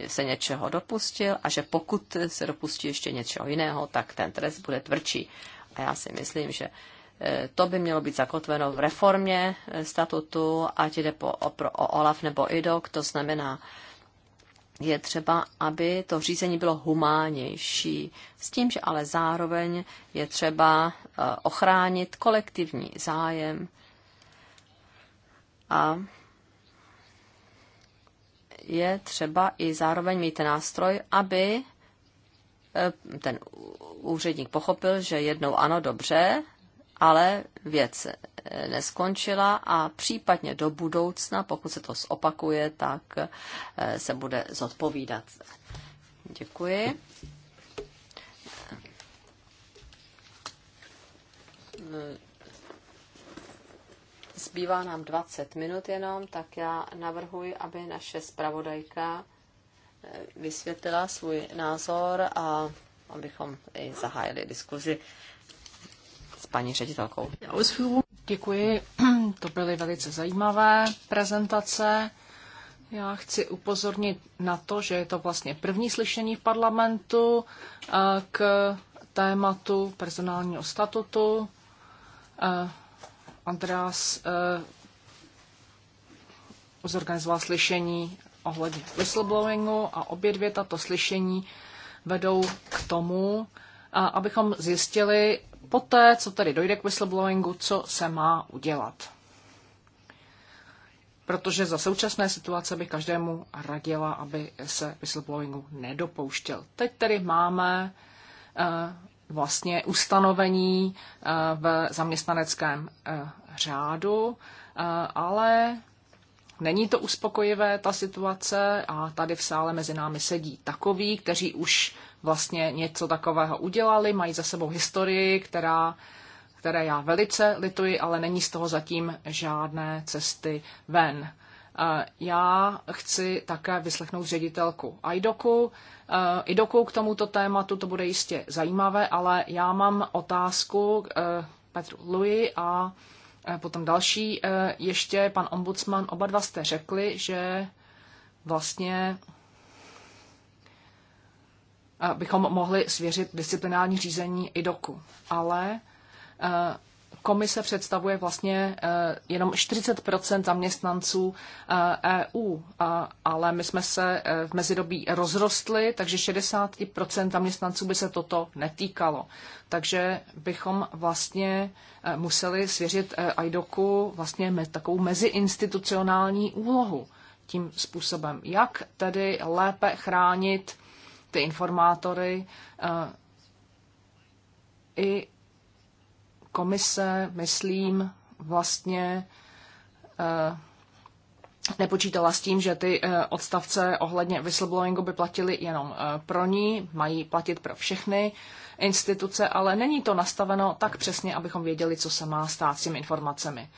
se něčeho dopustil a že pokud se dopustí ještě něčeho jiného, tak ten trest bude tvrdší. A já si myslím, že Eh, to by mělo být zakotveno v reformě eh, statutu, ať jde po, o, o OLAF nebo IDOK, to znamená, je třeba, aby to řízení bylo humánější, s tím, že ale zároveň je třeba eh, ochránit kolektivní zájem a je třeba i zároveň mít nástroj, aby ten úředník pochopil, že jednou ano, dobře, ale věc eh, neskončila a případně do budoucna, pokud se to zopakuje, tak eh, se bude zodpovídat. Děkuji. Eh, zbývá nám 20 minut jenom, tak já navrhuji, aby naše zpravodajka vysvětlila svůj názor a abychom i zahájili diskuzi paní ředitelkou. Děkuji, to byly velice zajímavé prezentace. Já chci upozornit na to, že je to vlastně první slyšení v parlamentu eh, k tématu personálního statutu. Eh, Andreas eh, zorganizoval slyšení ohledně whistleblowingu a obě dvě tato slyšení vedou k tomu, abychom zjistili, poté, co tedy dojde k whistleblowingu, co se má udělat. Protože za současné situace by každému radila, aby se whistleblowingu nedopouštěl. Teď tedy máme eh, vlastně ustanovení eh, v zaměstnaneckém eh, řádu, ale Není to uspokojivé, ta situace, a tady v sále mezi námi sedí takoví, kteří už vlastně něco takového udělali, mají za sebou historii, která, které já velice lituji, ale není z toho zatím žádné cesty ven. Eh, já chci také vyslechnout ředitelku IDOKu. Eh, IDOKu k tomuto tématu to bude jistě zajímavé, ale já mám otázku eh, Petru Lui a Potom další, e, ještě pan ombudsman, oba dva jste řekli, že vlastně e, bychom mohli svěřit disciplinární řízení i doku, Ale e, komise představuje vlastně eh, jenom 40 zaměstnanců EU, eh, e ale my jsme se eh, v mezidobí rozrostli, takže 60 zaměstnanců by se toto netýkalo. Takže bychom vlastně museli svěřit IDOKu vlastně takovou meziinstitucionální úlohu tím způsobem, jak tedy lépe chránit ty informátory i komise, myslím, vlastně eh, nepočítala s tím, že ty eh, odstavce ohledně whistleblowingu by platily jenom eh, pro ní, mají platit pro všechny instituce, ale není to nastaveno tak přesně, abychom věděli, co se má stát s těmi informacemi.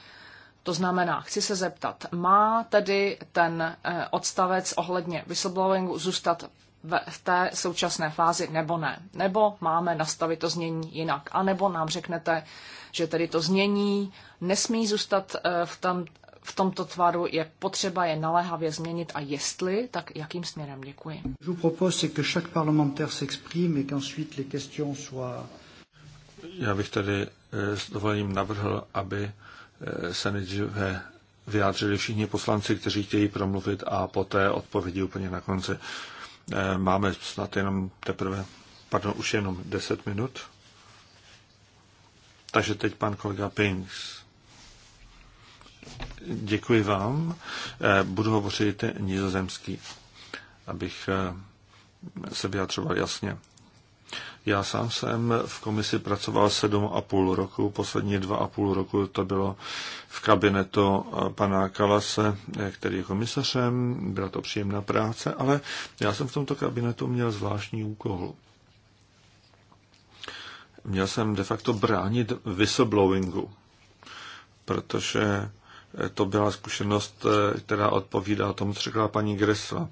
To znamená, chci se zeptat, má tedy ten odstavec ohledně whistleblowingu zůstat v té současné fázi nebo ne. Nebo máme nastavit to znění jinak. A nebo nám řeknete, že tedy to znění nesmí zůstat eh, v, tam, v tomto tvaru, je potřeba je naléhavě změnit a jestli, tak jakým směrem? Děkuji. Já bych tedy eh, s dovolením navrhl, aby eh, se nejdříve vyjádřili všichni poslanci, kteří chtějí promluvit a poté odpovědi úplně na konci. Eh, máme snad jenom teprve, pardon, už jenom 10 minut. Takže teď pan kolega Pings. Děkuji vám. Eh, budu hovořit nizozemský, abych eh, se vyjadřoval jasně. Já sám jsem v komisi pracoval sedm a půl roku, poslední dva a půl roku to bylo v kabinetu pana Kalase, který je komisařem, byla to příjemná práce, ale já jsem v tomto kabinetu měl zvláštní úkol. Měl jsem de facto bránit whistleblowingu, protože to byla zkušenost, která odpovídá tomu, co řekla paní Gresla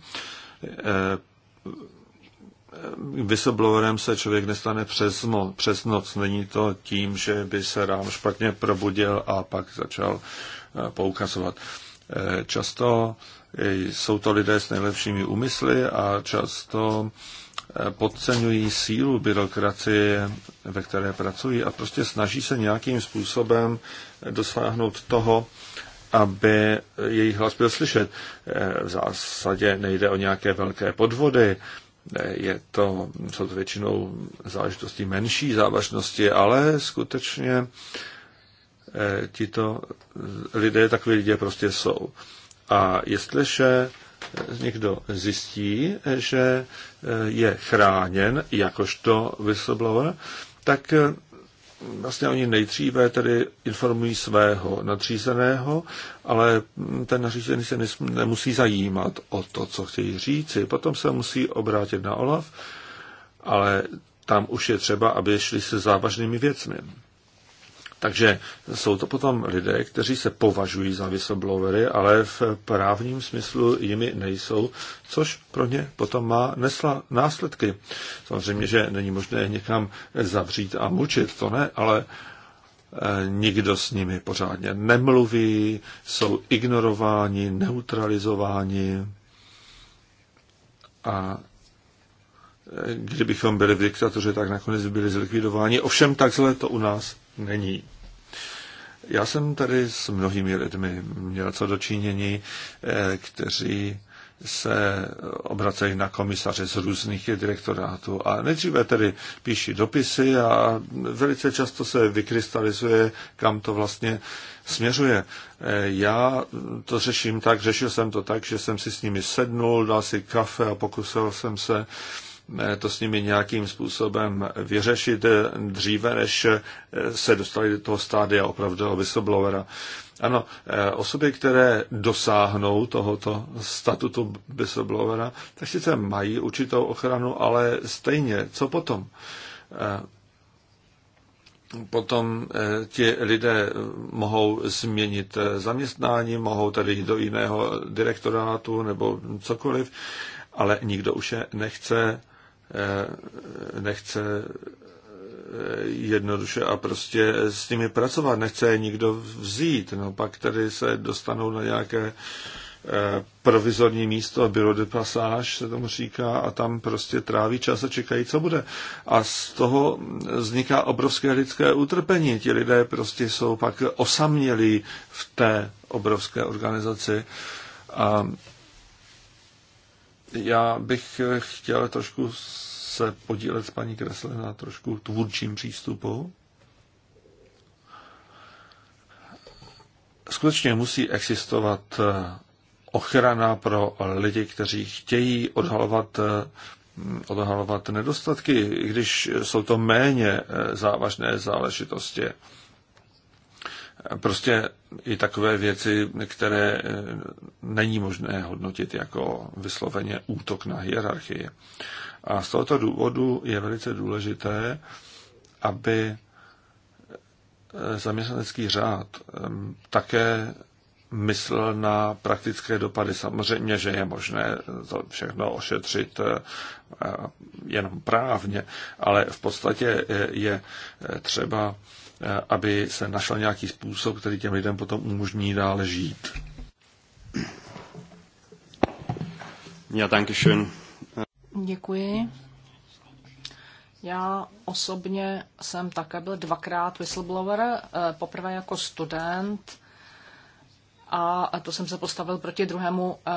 Vysoblovorem se člověk nestane přes, mo, přes noc. Není to tím, že by se ráno špatně probudil a pak začal eh, poukazovat. Eh, často eh, jsou to lidé s nejlepšími úmysly a často podceňují sílu byrokracie, ve které pracují a prostě snaží se nějakým způsobem dosáhnout toho, aby jejich hlas byl slyšet. V zásadě nejde o nějaké velké podvody, je to, jsou to většinou záležitosti menší závažnosti, ale skutečně eh, tito lidé, takové lidé prostě jsou. A jestliže někdo zjistí, že eh, je chráněn jakožto whistleblower, tak eh, vlastně oni nejdříve tedy informují svého nadřízeného, ale ten nadřízený se nemusí zajímat o to, co chtějí říci. Potom se musí obrátit na OLAF, ale tam už je třeba, aby šli se závažnými věcmi. Takže jsou to potom lidé, kteří se považují za whistleblowery, ale v právním smyslu jimi nejsou, což pro ně potom má nesla následky. Samozřejmě, že není možné někam zavřít a mučit, to ne, ale eh, nikdo s nimi pořádně nemluví, jsou ignorováni, neutralizováni. A eh, kdybychom byli v diktatuře, tak nakonec byli zlikvidováni. Ovšem tak zle to u nás není. Já jsem tady s mnohými lidmi měl co dočinění, eh, kteří se obracejí na komisaře z různých direktorátů. A nejdříve tedy píší dopisy a velice často se vykrystalizuje, kam to vlastně směřuje. Eh, já to řeším tak, řešil jsem to tak, že jsem si s nimi sednul, dal si kafe a pokusil jsem se to s nimi nějakým způsobem vyřešit dříve, než se dostali do toho stádia opravdu whistleblowera. Ano, eh, osoby, které dosáhnou tohoto statutu whistleblowera, tak sice mají určitou ochranu, ale stejně, co potom? Eh, potom eh, ti lidé mohou změnit zaměstnání, mohou tedy jít do jiného direktorátu nebo cokoliv, ale nikdo už je nechce Eh, nechce eh, jednoduše a prostě s nimi pracovat, nechce je nikdo vzít. No pak tady se dostanou na nějaké eh, provizorní místo, bylo de passage se tomu říká, a tam prostě tráví čas a čekají, co bude. A z toho vzniká obrovské lidské utrpení. Ti lidé prostě jsou pak osamělí v té obrovské organizaci. A já bych chtěl trošku se podílet s paní Kresle na trošku tvůrčím přístupu. Skutečně musí existovat eh, ochrana pro lidi, kteří chtějí odhalovat, eh, odhalovat nedostatky, i když jsou to méně eh, závažné záležitosti. Prostě i takové věci, které není možné hodnotit jako vysloveně útok na hierarchii. A z tohoto důvodu je velice důležité, aby eh, zaměstnanecký řád ehm, také myslel na praktické dopady. Samozřejmě, že je možné to všechno ošetřit eh, eh, jenom právně, ale v podstatě je třeba, aby se našel nějaký způsob, který těm lidem potom umožní dále žít. Ja, danke schön. Děkuji. Já osobně jsem také byl dvakrát whistleblower, eh, poprvé jako student a to jsem se postavil proti druhému eh,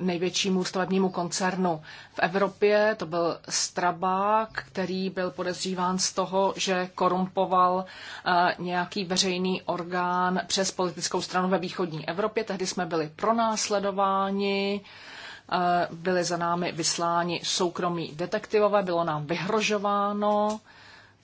největšímu stavebnímu koncernu v Evropě. To byl Strabák, který byl podezříván z toho, že korumpoval eh, nějaký veřejný orgán přes politickou stranu ve východní Evropě. Tehdy jsme byli pronásledováni. Eh, byly za námi vysláni soukromí detektivové, bylo nám vyhrožováno.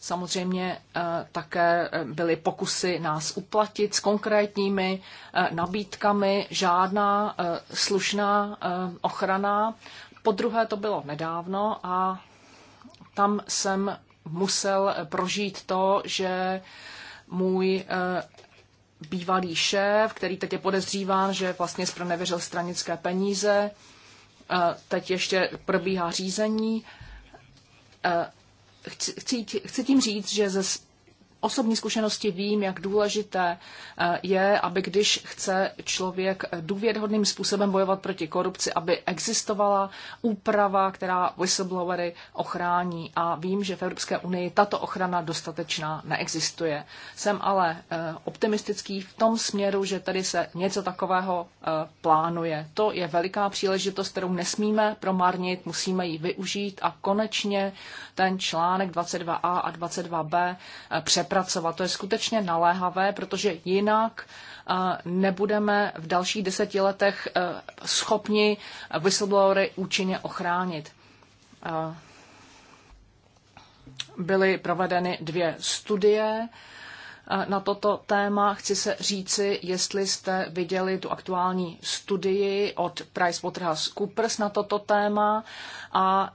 Samozřejmě eh, také eh, byly pokusy nás uplatit s konkrétními nabídkami, žádná slušná ochrana. Po druhé to bylo nedávno a tam jsem musel prožít to, že můj bývalý šéf, který teď je podezříván, že vlastně zpronevěřil stranické peníze, Teď ještě probíhá řízení. Chci, chci tím říct, že ze osobní zkušenosti vím, jak důležité eh, je, aby když chce člověk eh, důvěrhodným způsobem bojovat proti korupci, aby existovala úprava, která whistleblowery ochrání. A vím, že v Evropské unii tato ochrana dostatečná neexistuje. Jsem ale eh, optimistický v tom směru, že tady se něco takového plánuje. To je veliká příležitost, kterou nesmíme promarnit, musíme ji využít a konečně ten článek 22a a 22b před přepracovat. To je skutečně naléhavé, protože jinak eh, nebudeme v dalších deseti letech eh, schopni whistleblowery účinně ochránit. Eh, byly provedeny dvě studie na toto téma. Chci se říci, jestli jste viděli tu aktuální studii od PricewaterhouseCoopers na toto téma a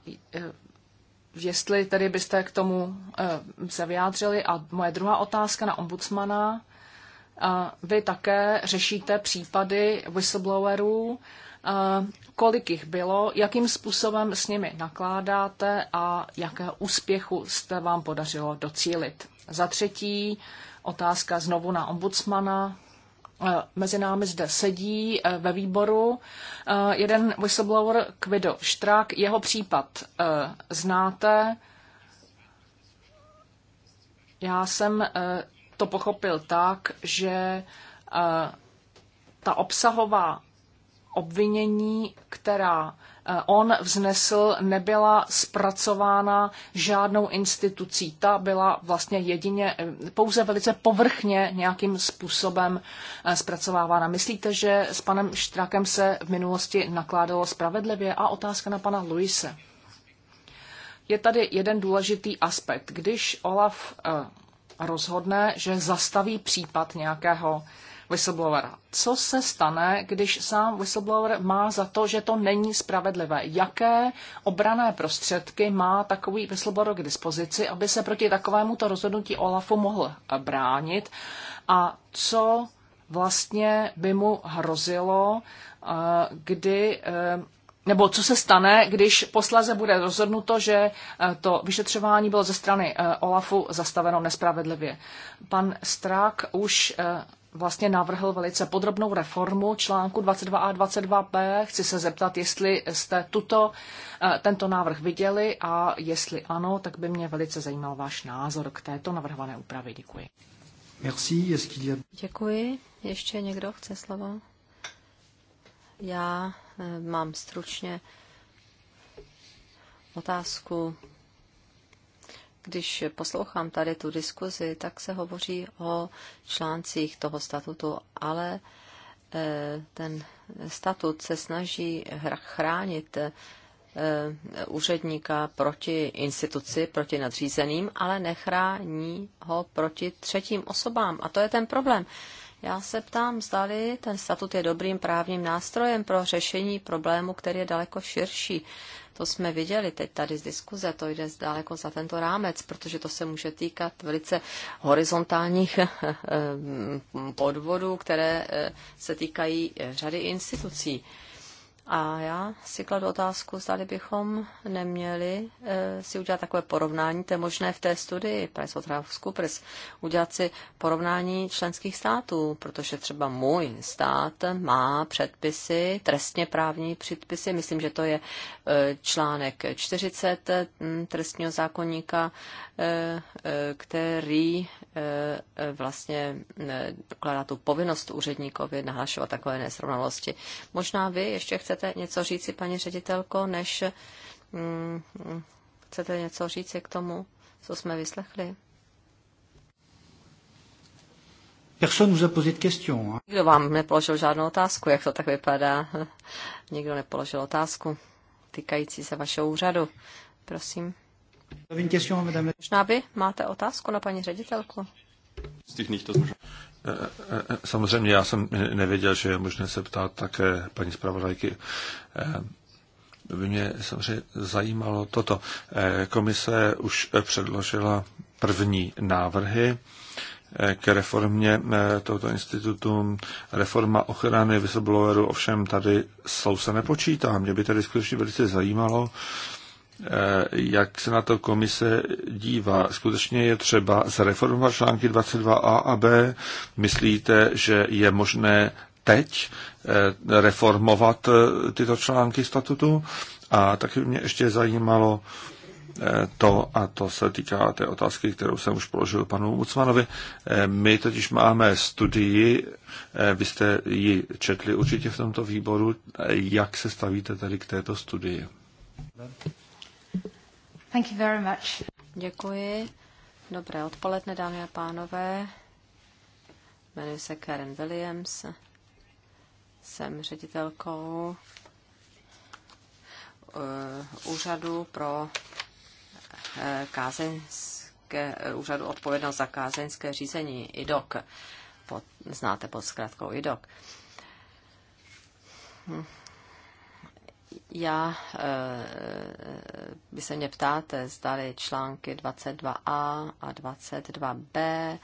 jestli tedy byste k tomu eh, se vyjádřili. A moje druhá otázka na ombudsmana. Eh, vy také řešíte případy whistleblowerů. Eh, kolik jich bylo, jakým způsobem s nimi nakládáte a jaké úspěchu jste vám podařilo docílit? Za třetí, otázka znovu na ombudsmana. Eh, mezi námi zde sedí eh, ve výboru eh, jeden whistleblower Kvido štrák. Jeho případ znáte. Já jsem to pochopil tak, že ta obsahová obvinění, která on vznesl, nebyla zpracována žádnou institucí. Ta byla vlastně jedině, pouze velice povrchně nějakým způsobem eh, zpracovávána. Myslíte, že s panem Štrakem se v minulosti nakládalo spravedlivě? A otázka na pana Luise. Je tady jeden důležitý aspekt. Když Olaf eh, rozhodne, že zastaví případ nějakého whistleblowera. Co se stane, když sám whistleblower má za to, že to není spravedlivé? Jaké obrané prostředky má takový whistleblower k dispozici, aby se proti takovému to rozhodnutí Olafu mohl eh, bránit? A co vlastně by mu hrozilo, eh, kdy eh, nebo co se stane, když posleze bude rozhodnuto, že to vyšetřování bylo ze strany Olafu zastaveno nespravedlivě. Pan Strák už vlastně navrhl velice podrobnou reformu článku 22a a 22b. Chci se zeptat, jestli jste tuto, eh, tento návrh viděli a jestli ano, tak by mě velice zajímal váš názor k této navrhované úpravě. Děkuji. Merci. Děkuji. Ještě někdo chce slovo? Já eh, mám stručně otázku když poslouchám tady tu diskuzi, tak se hovoří o článcích toho statutu, ale eh, ten statut se snaží chránit eh, úředníka proti instituci, proti nadřízeným, ale nechrání ho proti třetím osobám. A to je ten problém. Já se ptám, zdali ten statut je dobrým právním nástrojem pro řešení problému, který je daleko širší to jsme viděli teď tady z diskuze, to jde daleko za tento rámec, protože to se může týkat velice horizontálních eh, eh, podvodů, které eh, se týkají řady institucí. A já si kladu otázku, zda bychom neměli e, si udělat takové porovnání, to je možné v té studii PricewaterhouseCoopers, udělat si porovnání členských států, protože třeba můj stát má předpisy, trestně právní předpisy, myslím, že to je e, článek 40 mm, trestního zákonníka, e, eh, e, který e, vlastně e, kladá tu povinnost úředníkovi nahlašovat takové nesrovnalosti. Možná vy ještě chcete chcete něco říci, paní ředitelko, než hmm, chcete něco říci k tomu, co jsme vyslechli? Nikdo vám nepoložil žádnou otázku, jak to tak vypadá. Nikdo nepoložil otázku týkající se vašeho úřadu. Prosím. Možná vy máte otázku na paní ředitelku? Eh, eh, eh, samozřejmě já jsem nevěděl, že je možné se ptát také paní zpravodajky. By mě samozřejmě zajímalo toto. Komise už předložila první návrhy k reformě tohoto institutu. Reforma ochrany whistleblowerů ovšem tady slou se nepočítá. Mě by tady skutečně velice zajímalo, Eh, jak se na to komise dívá. Skutečně je třeba zreformovat články 22a a b. Myslíte, že je možné teď eh, reformovat eh, tyto články statutu? A taky mě ještě zajímalo to, a to se týká té otázky, kterou jsem už položil panu Ucmanovi. My totiž máme studii, vy jste ji četli určitě v tomto výboru. Jak se stavíte tady k této studii? Thank you very much. Děkuji. Dobré odpoledne, dámy a pánové. Jmenuji se Karen Williams. Jsem ředitelkou eh, úřadu pro eh, kázeňské, eh, úřadu odpovědnost za kázeňské řízení IDOC. Pod, znáte pod zkratkou IDOC já eh, vy se mě ptáte, zdali články 22a a 22b eh,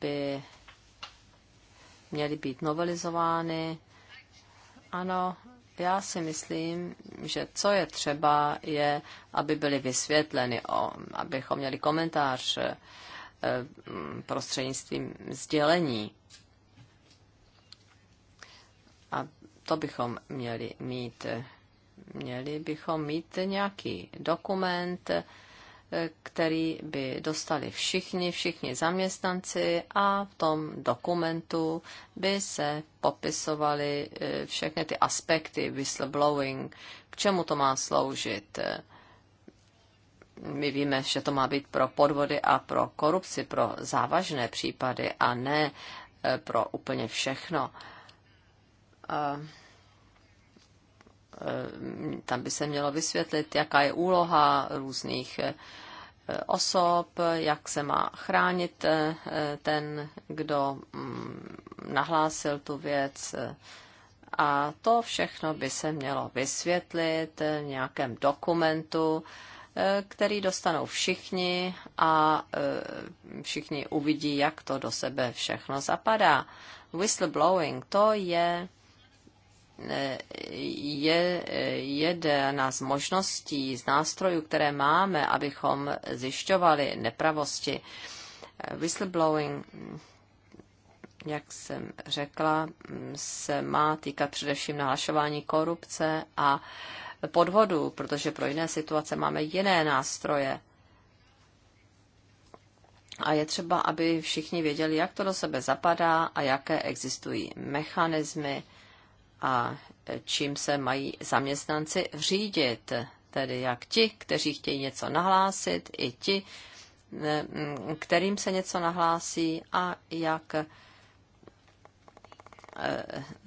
by měly být novelizovány. Ano, já si myslím, že co je třeba, je, aby byly vysvětleny, o, abychom měli komentář eh, prostřednictvím sdělení. A to bychom měli mít. Měli bychom mít nějaký dokument, který by dostali všichni, všichni zaměstnanci a v tom dokumentu by se popisovaly eh, všechny ty aspekty whistleblowing, k čemu to má sloužit. My víme, že to má být pro podvody a pro korupci, pro závažné případy a ne eh, pro úplně všechno tam by se mělo vysvětlit, jaká je úloha různých e, osob, jak se má chránit e, ten, kdo mm, nahlásil tu věc. A to všechno by se mělo vysvětlit v nějakém dokumentu, e, který dostanou všichni a všichni uvidí, jak to do sebe všechno zapadá. Whistleblowing to je je jedna z možností, z nástrojů, které máme, abychom zjišťovali nepravosti. Whistleblowing, jak jsem řekla, se má týkat především nahlašování korupce a podvodu, protože pro jiné situace máme jiné nástroje. A je třeba, aby všichni věděli, jak to do sebe zapadá a jaké existují mechanismy, a čím se mají zaměstnanci řídit, tedy jak ti, kteří chtějí něco nahlásit, i ti, mm, kterým se něco nahlásí a jak eh,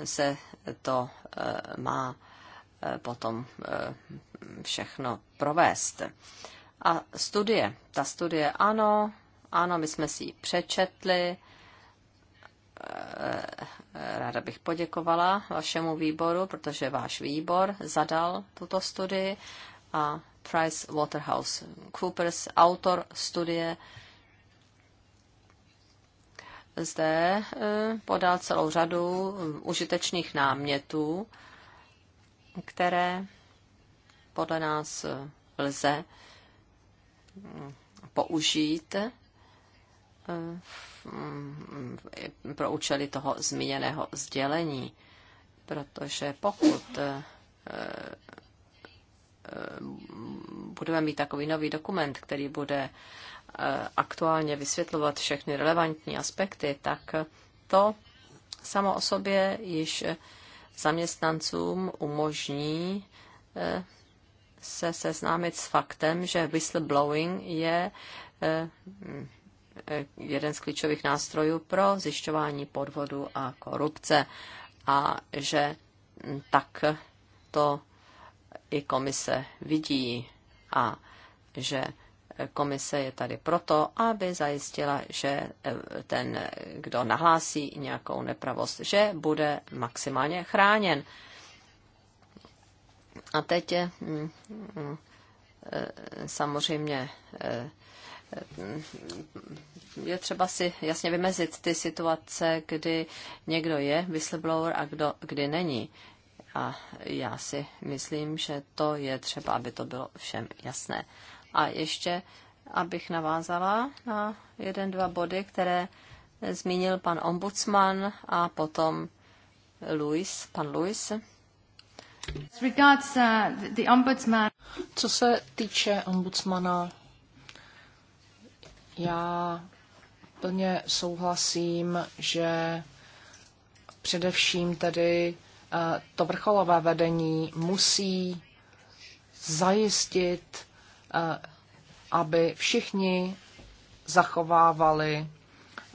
se to eh, má eh, potom všechno provést. A studie, ta studie ano, ano, my jsme si ji přečetli, Eh, ráda bych poděkovala vašemu výboru, protože váš výbor zadal tuto studii a Price Waterhouse Coopers, autor studie, zde eh, podal celou řadu eh, užitečných námětů, které podle nás lze mm, použít Eh, pro účely toho zmíněného sdělení, protože pokud eh, eh, budeme mít takový nový dokument, který bude aktuálně vysvětlovat všechny relevantní aspekty, tak to samo o sobě již zaměstnancům umožní se seznámit s faktem, že whistleblowing je Eh, jeden z klíčových nástrojů pro zjišťování podvodu a korupce a že hm, tak to i komise vidí a že komise je tady proto, aby zajistila, že eh, ten, kdo nahlásí nějakou nepravost, že bude maximálně chráněn. A teď je, hm, hm, eh, samozřejmě je třeba si jasně vymezit ty situace, kdy někdo je whistleblower a kdo, kdy není. A já si myslím, že to je třeba, aby to bylo všem jasné. A ještě, abych navázala na jeden, dva body, které zmínil pan ombudsman a potom Luis, pan Luis. Uh, Co se týče ombudsmana, já plně souhlasím, že především tedy eh, to vrcholové vedení musí zajistit, eh, aby všichni zachovávali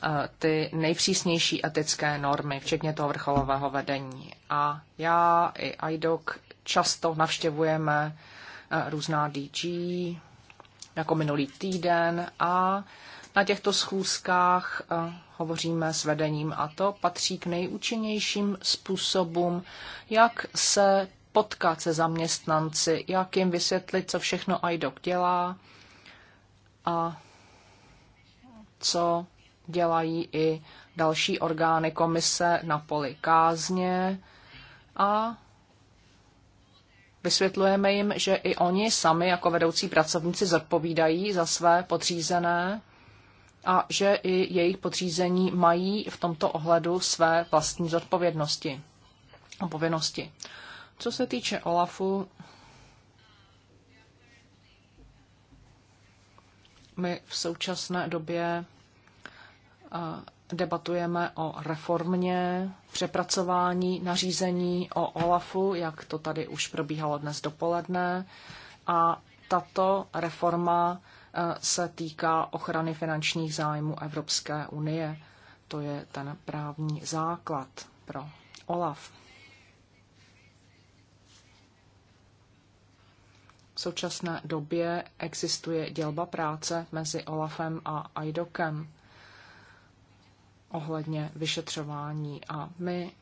eh, ty nejpřísnější etické normy, včetně toho vrcholového vedení. A já i IDOC často navštěvujeme různá DG, jako minulý týden a na těchto schůzkách eh, hovoříme s vedením a to patří k nejúčinnějším způsobům, jak se potkat se zaměstnanci, jak jim vysvětlit, co všechno IDOC dělá a co dělají i další orgány komise na poli kázně a Vysvětlujeme jim, že i oni sami jako vedoucí pracovníci zodpovídají za své podřízené a že i jejich podřízení mají v tomto ohledu své vlastní zodpovědnosti a povinnosti. Co se týče OLAFu, my v současné době debatujeme o reformě, přepracování nařízení o OLAFu, jak to tady už probíhalo dnes dopoledne. A tato reforma e, se týká ochrany finančních zájmů Evropské unie. To je ten právní základ pro OLAF. V současné době existuje dělba práce mezi OLAFem a IDOKem ohledně vyšetřování. A my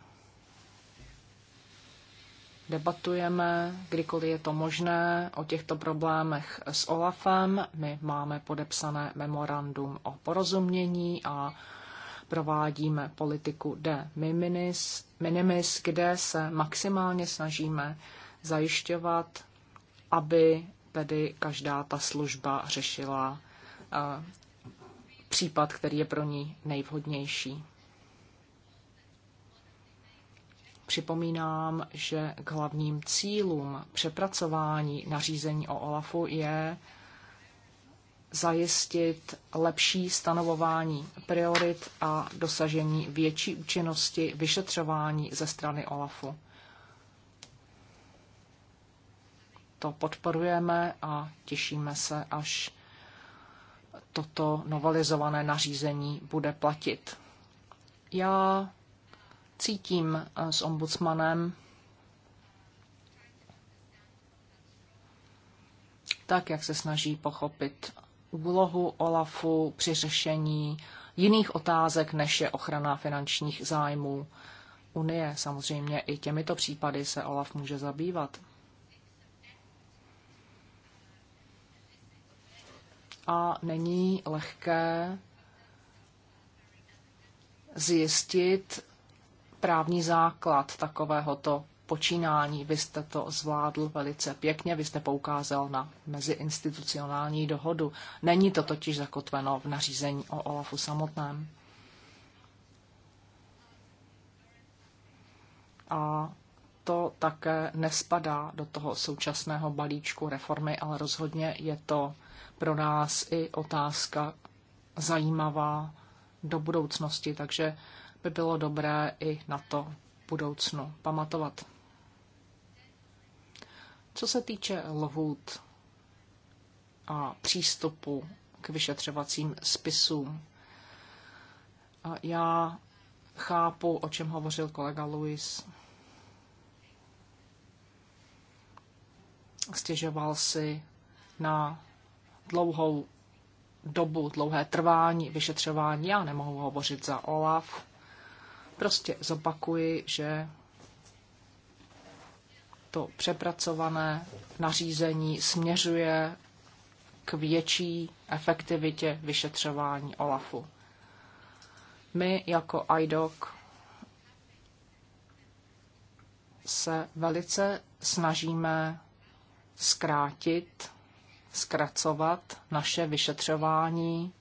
debatujeme, kdykoliv je to možné, o těchto problémech s OLAFem. My máme podepsané memorandum o porozumění a provádíme politiku de minimis, minimis kde se maximálně snažíme zajišťovat, aby tedy každá ta služba řešila eh, případ, který je pro ní nejvhodnější. Připomínám, že k hlavním cílům přepracování nařízení o OLAFu je zajistit lepší stanovování priorit a dosažení větší účinnosti vyšetřování ze strany OLAFu. To podporujeme a těšíme se, až toto novelizované nařízení bude platit. Já cítím eh, s ombudsmanem tak, jak se snaží pochopit úlohu OLAFu při řešení jiných otázek, než je ochrana finančních zájmů Unie. Samozřejmě i těmito případy se OLAF může zabývat. a není lehké zjistit právní základ takovéhoto počínání. Vy jste to zvládl velice pěkně, vy jste poukázal na meziinstitucionální dohodu. Není to totiž zakotveno v nařízení o OLAFu samotném. A to také nespadá do toho současného balíčku reformy, ale rozhodně je to pro nás i otázka zajímavá do budoucnosti, takže by bylo dobré i na to budoucnu pamatovat. Co se týče lhůt a přístupu k vyšetřovacím spisům, já chápu, o čem hovořil kolega Luis. Stěžoval si na dlouhou dobu, dlouhé trvání vyšetřování. Já nemohu hovořit za OLAF. Prostě zopakuji, že to přepracované nařízení směřuje k větší efektivitě vyšetřování OLAFu. My jako IDOC se velice snažíme zkrátit zkracovat naše vyšetřování.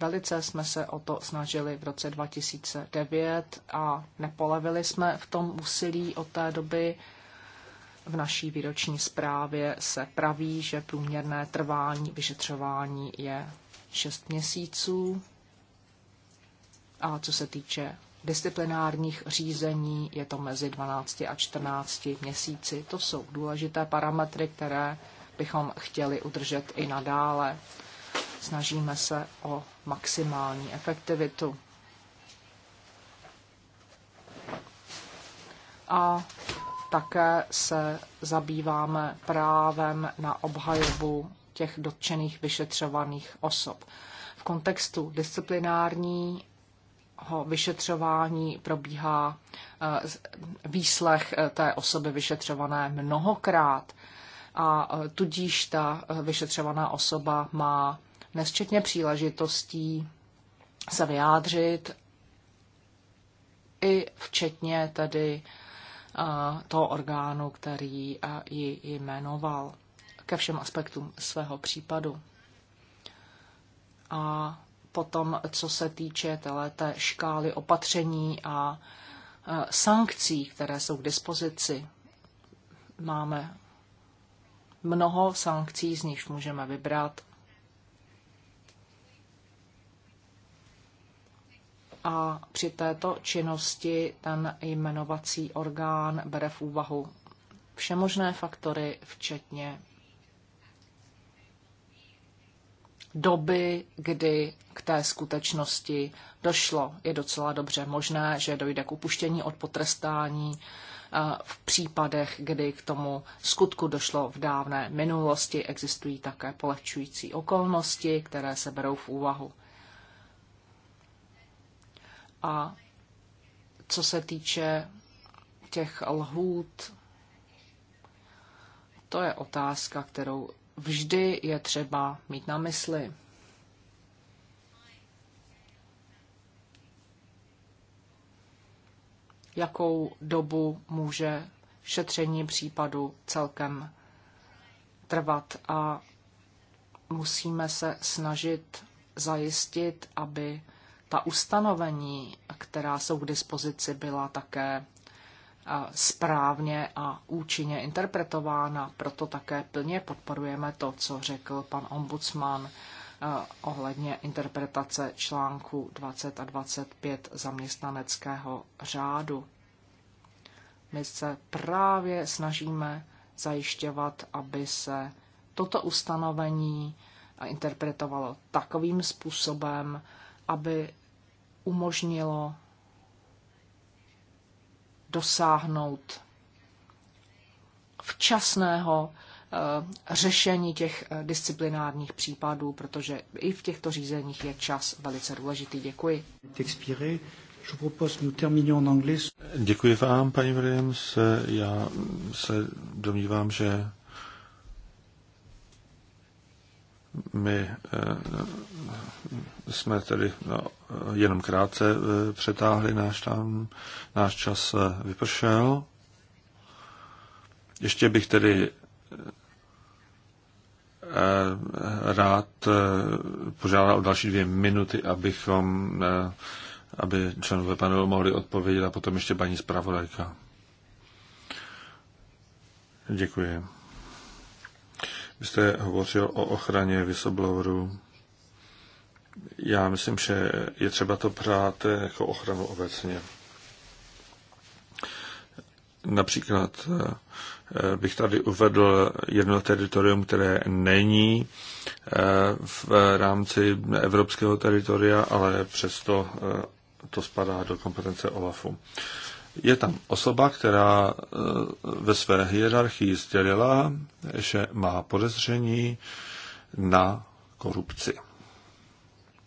Velice jsme se o to snažili v roce 2009 a nepolevili jsme v tom úsilí od té doby. V naší výroční zprávě se praví, že průměrné trvání vyšetřování je 6 měsíců. A co se týče disciplinárních řízení je to mezi 12 a 14 měsíci. To jsou důležité parametry, které bychom chtěli udržet i nadále. Snažíme se o maximální efektivitu. A také se zabýváme právem na obhajobu těch dotčených vyšetřovaných osob. V kontextu disciplinární vyšetřování probíhá eh, výslech eh, té osoby vyšetřované mnohokrát a e, tudíž ta e, vyšetřovaná osoba má nesčetně příležitostí se vyjádřit i včetně tedy e, toho orgánu, který ji jmenoval ke všem aspektům svého případu. A potom, co se týče té škály opatření a sankcí, které jsou k dispozici, máme mnoho sankcí, z nich můžeme vybrat. A při této činnosti ten jmenovací orgán bere v úvahu všemožné faktory, včetně doby, kdy k té skutečnosti došlo. Je docela dobře možné, že dojde k upuštění od potrestání Eh, v případech, kdy k tomu skutku došlo v dávné minulosti. Existují také polehčující okolnosti, které se berou v úvahu. A co se týče těch lhůt, to je otázka, kterou vždy je třeba mít na mysli. jakou dobu může šetření případu celkem trvat a musíme se snažit zajistit, aby ta ustanovení, která jsou k dispozici, byla také správně a účinně interpretována. Proto také plně podporujeme to, co řekl pan ombudsman Eh, ohledně interpretace článku 20 a 25 zaměstnaneckého řádu. My se právě snažíme zajišťovat, aby se toto ustanovení interpretovalo takovým způsobem, aby umožnilo dosáhnout včasného Eh, řešení těch eh, disciplinárních případů, protože i v těchto řízeních je čas velice důležitý. Děkuji. Děkuji vám, paní Williams. Já se domnívám, že my eh, jsme tedy no, jenom krátce přetáhli náš, tam, náš čas vypršel. Ještě bych tedy Eh, rád eh, požádal o další dvě minuty, abychom, eh, aby členové panelu mohli odpovědět a potom ještě paní zpravodajka. Děkuji. Vy jste hovořil o ochraně whistleblowerů. Já myslím, že je třeba to brát jako ochranu obecně. Například Eh, bych tady uvedl jedno teritorium, které není eh, v rámci evropského teritoria, ale přesto eh, to spadá do kompetence OLAFu. Je tam osoba, která ve své hierarchii sdělila, že má podezření na korupci.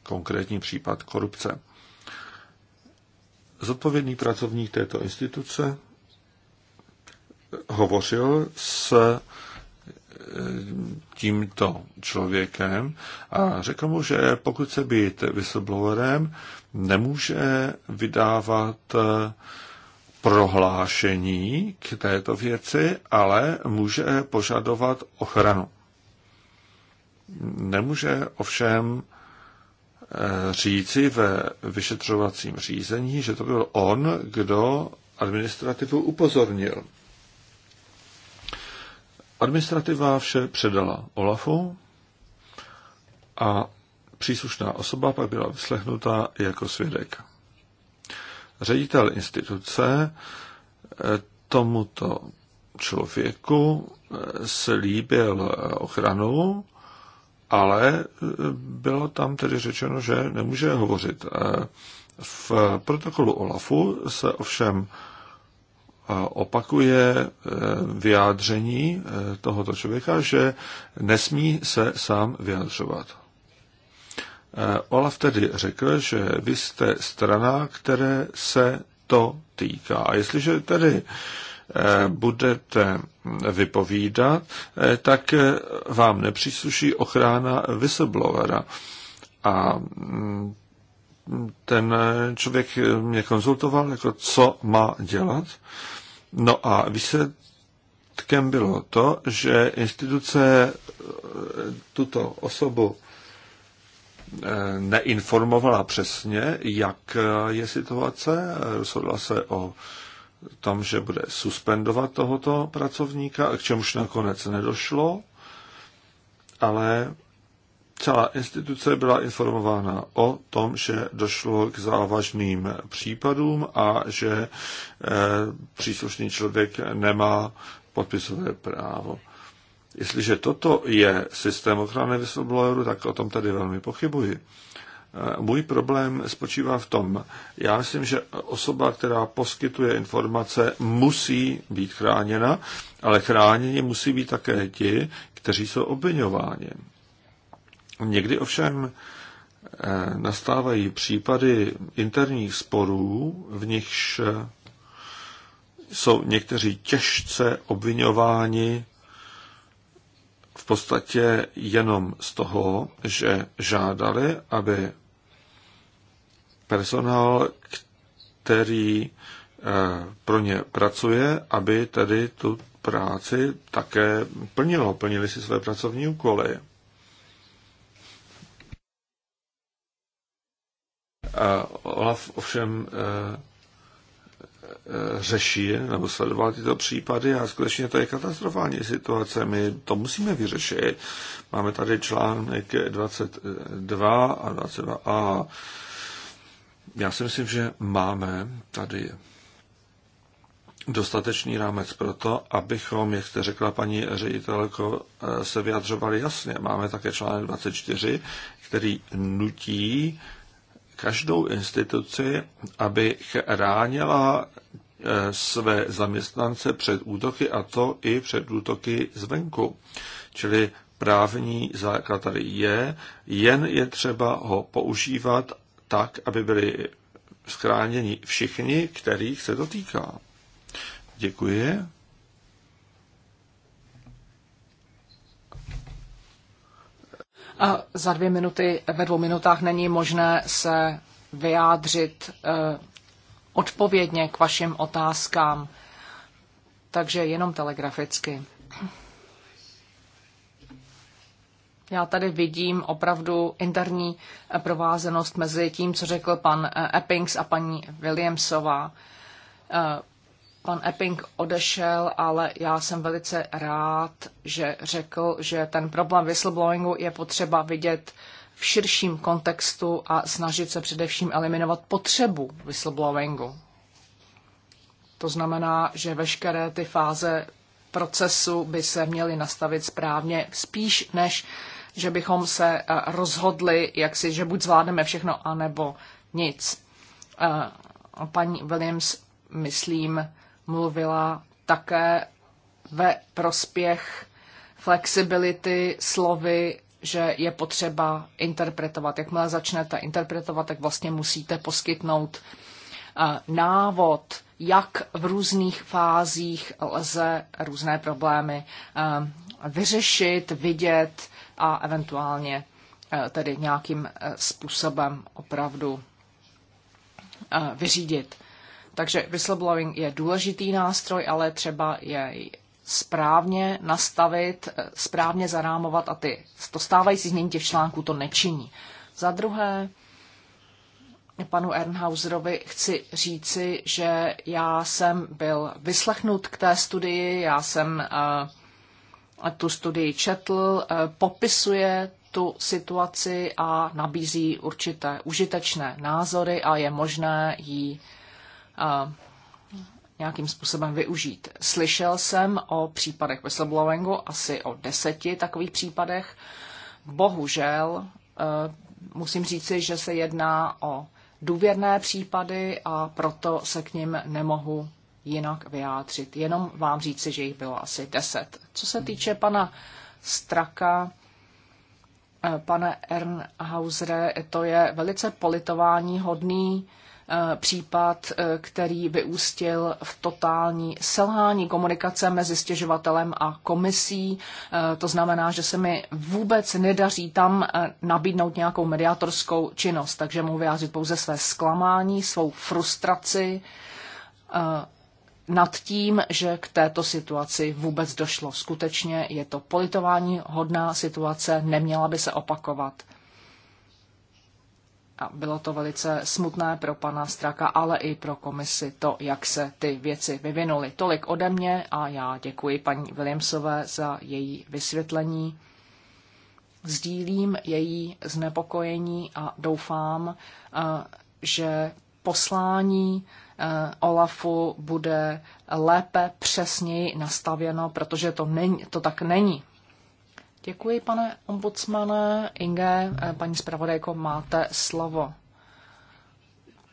Konkrétní případ korupce. Zodpovědný pracovník této instituce hovořil s eh, tímto člověkem a řekl mu, že pokud se být whistleblowerem, nemůže vydávat eh, prohlášení k této věci, ale může požadovat ochranu. Nemůže ovšem eh, říci ve vyšetřovacím řízení, že to byl on, kdo administrativu upozornil. Administrativa vše předala Olafu a příslušná osoba pak byla vyslechnuta jako svědek. Ředitel instituce eh, tomuto člověku eh, slíbil ochranu, ale eh, bylo tam tedy řečeno, že nemůže hovořit. V protokolu OLAFu se ovšem opakuje e, vyjádření e, tohoto člověka, že nesmí se sám vyjadřovat. E, Olaf tedy řekl, že vy jste strana, které se to týká. A jestliže tedy budete vypovídat, tak vám nepřísluší ochrana whistleblowera. A mm, ten člověk mě konzultoval, jako co má dělat. No a výsledkem bylo to, že instituce eh, tuto osobu eh, neinformovala přesně, jak eh, je situace, rozhodla se o tom, že bude suspendovat tohoto pracovníka, k čemuž nakonec nedošlo, ale Celá instituce byla informována o tom, že došlo k závažným případům a že eh, příslušný člověk nemá podpisové právo. Jestliže toto je systém ochrany whistleblowerů, tak o tom tady velmi pochybuji. Eh, můj problém spočívá v tom, já myslím, že osoba, která poskytuje informace, musí být chráněna, ale chráněni musí být také ti, kteří jsou obvinováni. Někdy ovšem eh, nastávají případy interních sporů, v nichž eh, jsou někteří těžce obvinováni v podstatě jenom z toho, že žádali, aby personál, který eh, pro ně pracuje, aby tedy tu práci také plnilo, plnili si své pracovní úkoly. Olaf ovšem eh, eh, řeší nebo sledoval tyto případy a skutečně to je katastrofální situace. My to musíme vyřešit. Máme tady článek 22 a 22a. Já si myslím, že máme tady dostatečný rámec pro to, abychom, jak jste řekla paní ředitelko, eh, se vyjadřovali jasně. Máme také článek 24, který nutí každou instituci, aby chránila eh, své zaměstnance před útoky a to i před útoky zvenku. Čili právní základ tady je, jen je třeba ho používat tak, aby byli schráněni všichni, kterých se to týká. Děkuji. A za dvě minuty, ve dvou minutách není možné se vyjádřit eh, odpovědně k vašim otázkám, takže jenom telegraficky. Já tady vidím opravdu interní provázenost mezi tím, co řekl pan eh, Eppings a paní Williamsová. Eh, Pan Epping odešel, ale já jsem velice rád, že řekl, že ten problém whistleblowingu je potřeba vidět v širším kontextu a snažit se především eliminovat potřebu whistleblowingu. To znamená, že veškeré ty fáze procesu by se měly nastavit správně, spíš než že bychom se eh, rozhodli, jak si, že buď zvládneme všechno, anebo nic. Eh, paní Williams, myslím, mluvila také ve prospěch flexibility slovy, že je potřeba interpretovat. Jakmile začnete interpretovat, tak vlastně musíte poskytnout eh, návod, jak v různých fázích lze různé problémy eh, vyřešit, vidět a eventuálně eh, tedy nějakým způsobem opravdu vyřídit. Takže whistleblowing je důležitý nástroj, ale třeba jej správně nastavit, eh, správně zarámovat a ty to stávající změní v článku to nečiní. Za druhé, panu Ernhauserovi chci říci, že já jsem byl vyslechnut k té studii, já jsem eh, tu studii četl, eh, popisuje tu situaci a nabízí určité užitečné názory a je možné ji nějakým způsobem využít. Slyšel jsem o případech whistleblowingu, asi o deseti takových případech. Bohužel e, musím říci, že se jedná o důvěrné případy a proto se k ním nemohu jinak vyjádřit. Jenom vám říci, že jich bylo asi deset. Co se týče pana Straka, e, pane Ernhausere, to je velice politování hodný Eh, případ, eh, který vyústil v totální selhání komunikace mezi stěžovatelem a komisí. Eh, to znamená, že se mi vůbec nedaří tam nabídnout nějakou mediátorskou činnost, takže mohu vyjádřit pouze své zklamání, svou frustraci nad tím, že k této situaci vůbec došlo. Skutečně je to politování hodná situace, neměla by se opakovat. A bylo to velice smutné pro pana Straka, ale i pro komisi to, jak se ty věci vyvinuly. Tolik ode mě a já děkuji paní Williamsové za její vysvětlení. Sdílím její znepokojení a doufám, eh, že poslání eh, Olafu bude lépe, přesněji nastavěno, protože to, není, to tak není. Děkuji, pane ombudsmane. Inge, eh, paní zpravodajko, máte slovo.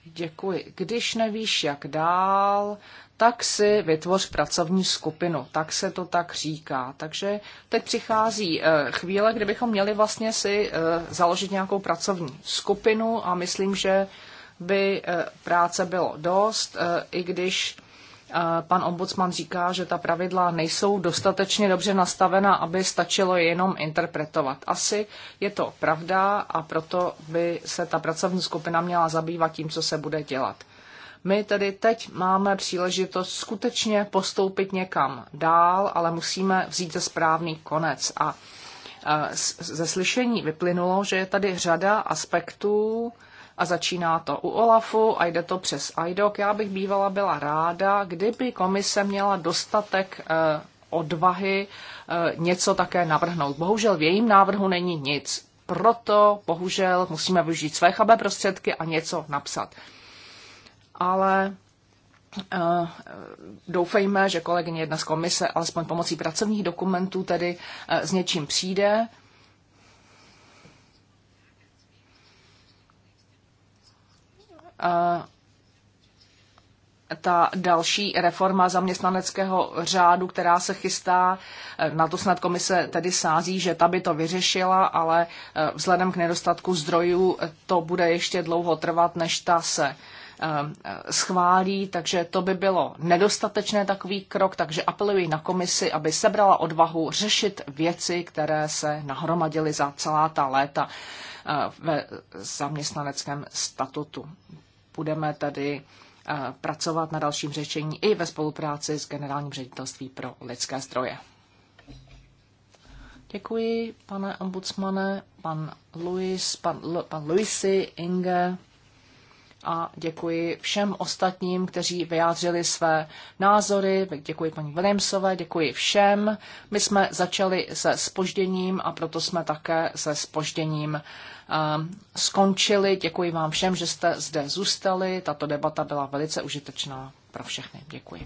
Děkuji. Když nevíš, jak dál, tak si vytvoř pracovní skupinu. Tak se to tak říká. Takže teď přichází eh, chvíle, kdybychom měli vlastně si eh, založit nějakou pracovní skupinu a myslím, že by práce bylo dost, i když pan ombudsman říká, že ta pravidla nejsou dostatečně dobře nastavena, aby stačilo je jenom interpretovat. Asi je to pravda a proto by se ta pracovní skupina měla zabývat tím, co se bude dělat. My tedy teď máme příležitost skutečně postoupit někam dál, ale musíme vzít ze správný konec. A e, ze slyšení vyplynulo, že je tady řada aspektů, a začíná to u OLAFu a jde to přes IDOC. Já bych bývala byla ráda, kdyby komise měla dostatek eh, odvahy eh, něco také navrhnout. Bohužel v jejím návrhu není nic. Proto bohužel musíme využít své chabé prostředky a něco napsat. Ale eh, doufejme, že kolegyně jedna z komise alespoň pomocí pracovních dokumentů tedy s něčím přijde Eh, ta další reforma zaměstnaneckého řádu, která se chystá, eh, na to snad komise tedy sází, že ta by to vyřešila, ale eh, vzhledem k nedostatku zdrojů to bude ještě dlouho trvat, než ta se schválí, takže to by bylo nedostatečné takový krok, takže apeluji na komisi, aby sebrala odvahu řešit věci, které se nahromadily za celá ta léta ve zaměstnaneckém statutu budeme tady eh, pracovat na dalším řešení i ve spolupráci s Generálním ředitelství pro lidské zdroje. Děkuji, pane ombudsmane, pan Luis, pan, pan Luisi, Inge a děkuji všem ostatním, kteří vyjádřili své názory. Děkuji paní Williamsové, děkuji všem. My jsme začali se spožděním a proto jsme také se spožděním um, ehm, skončili. Děkuji vám všem, že jste zde zůstali. Tato debata byla velice užitečná pro všechny. Děkuji.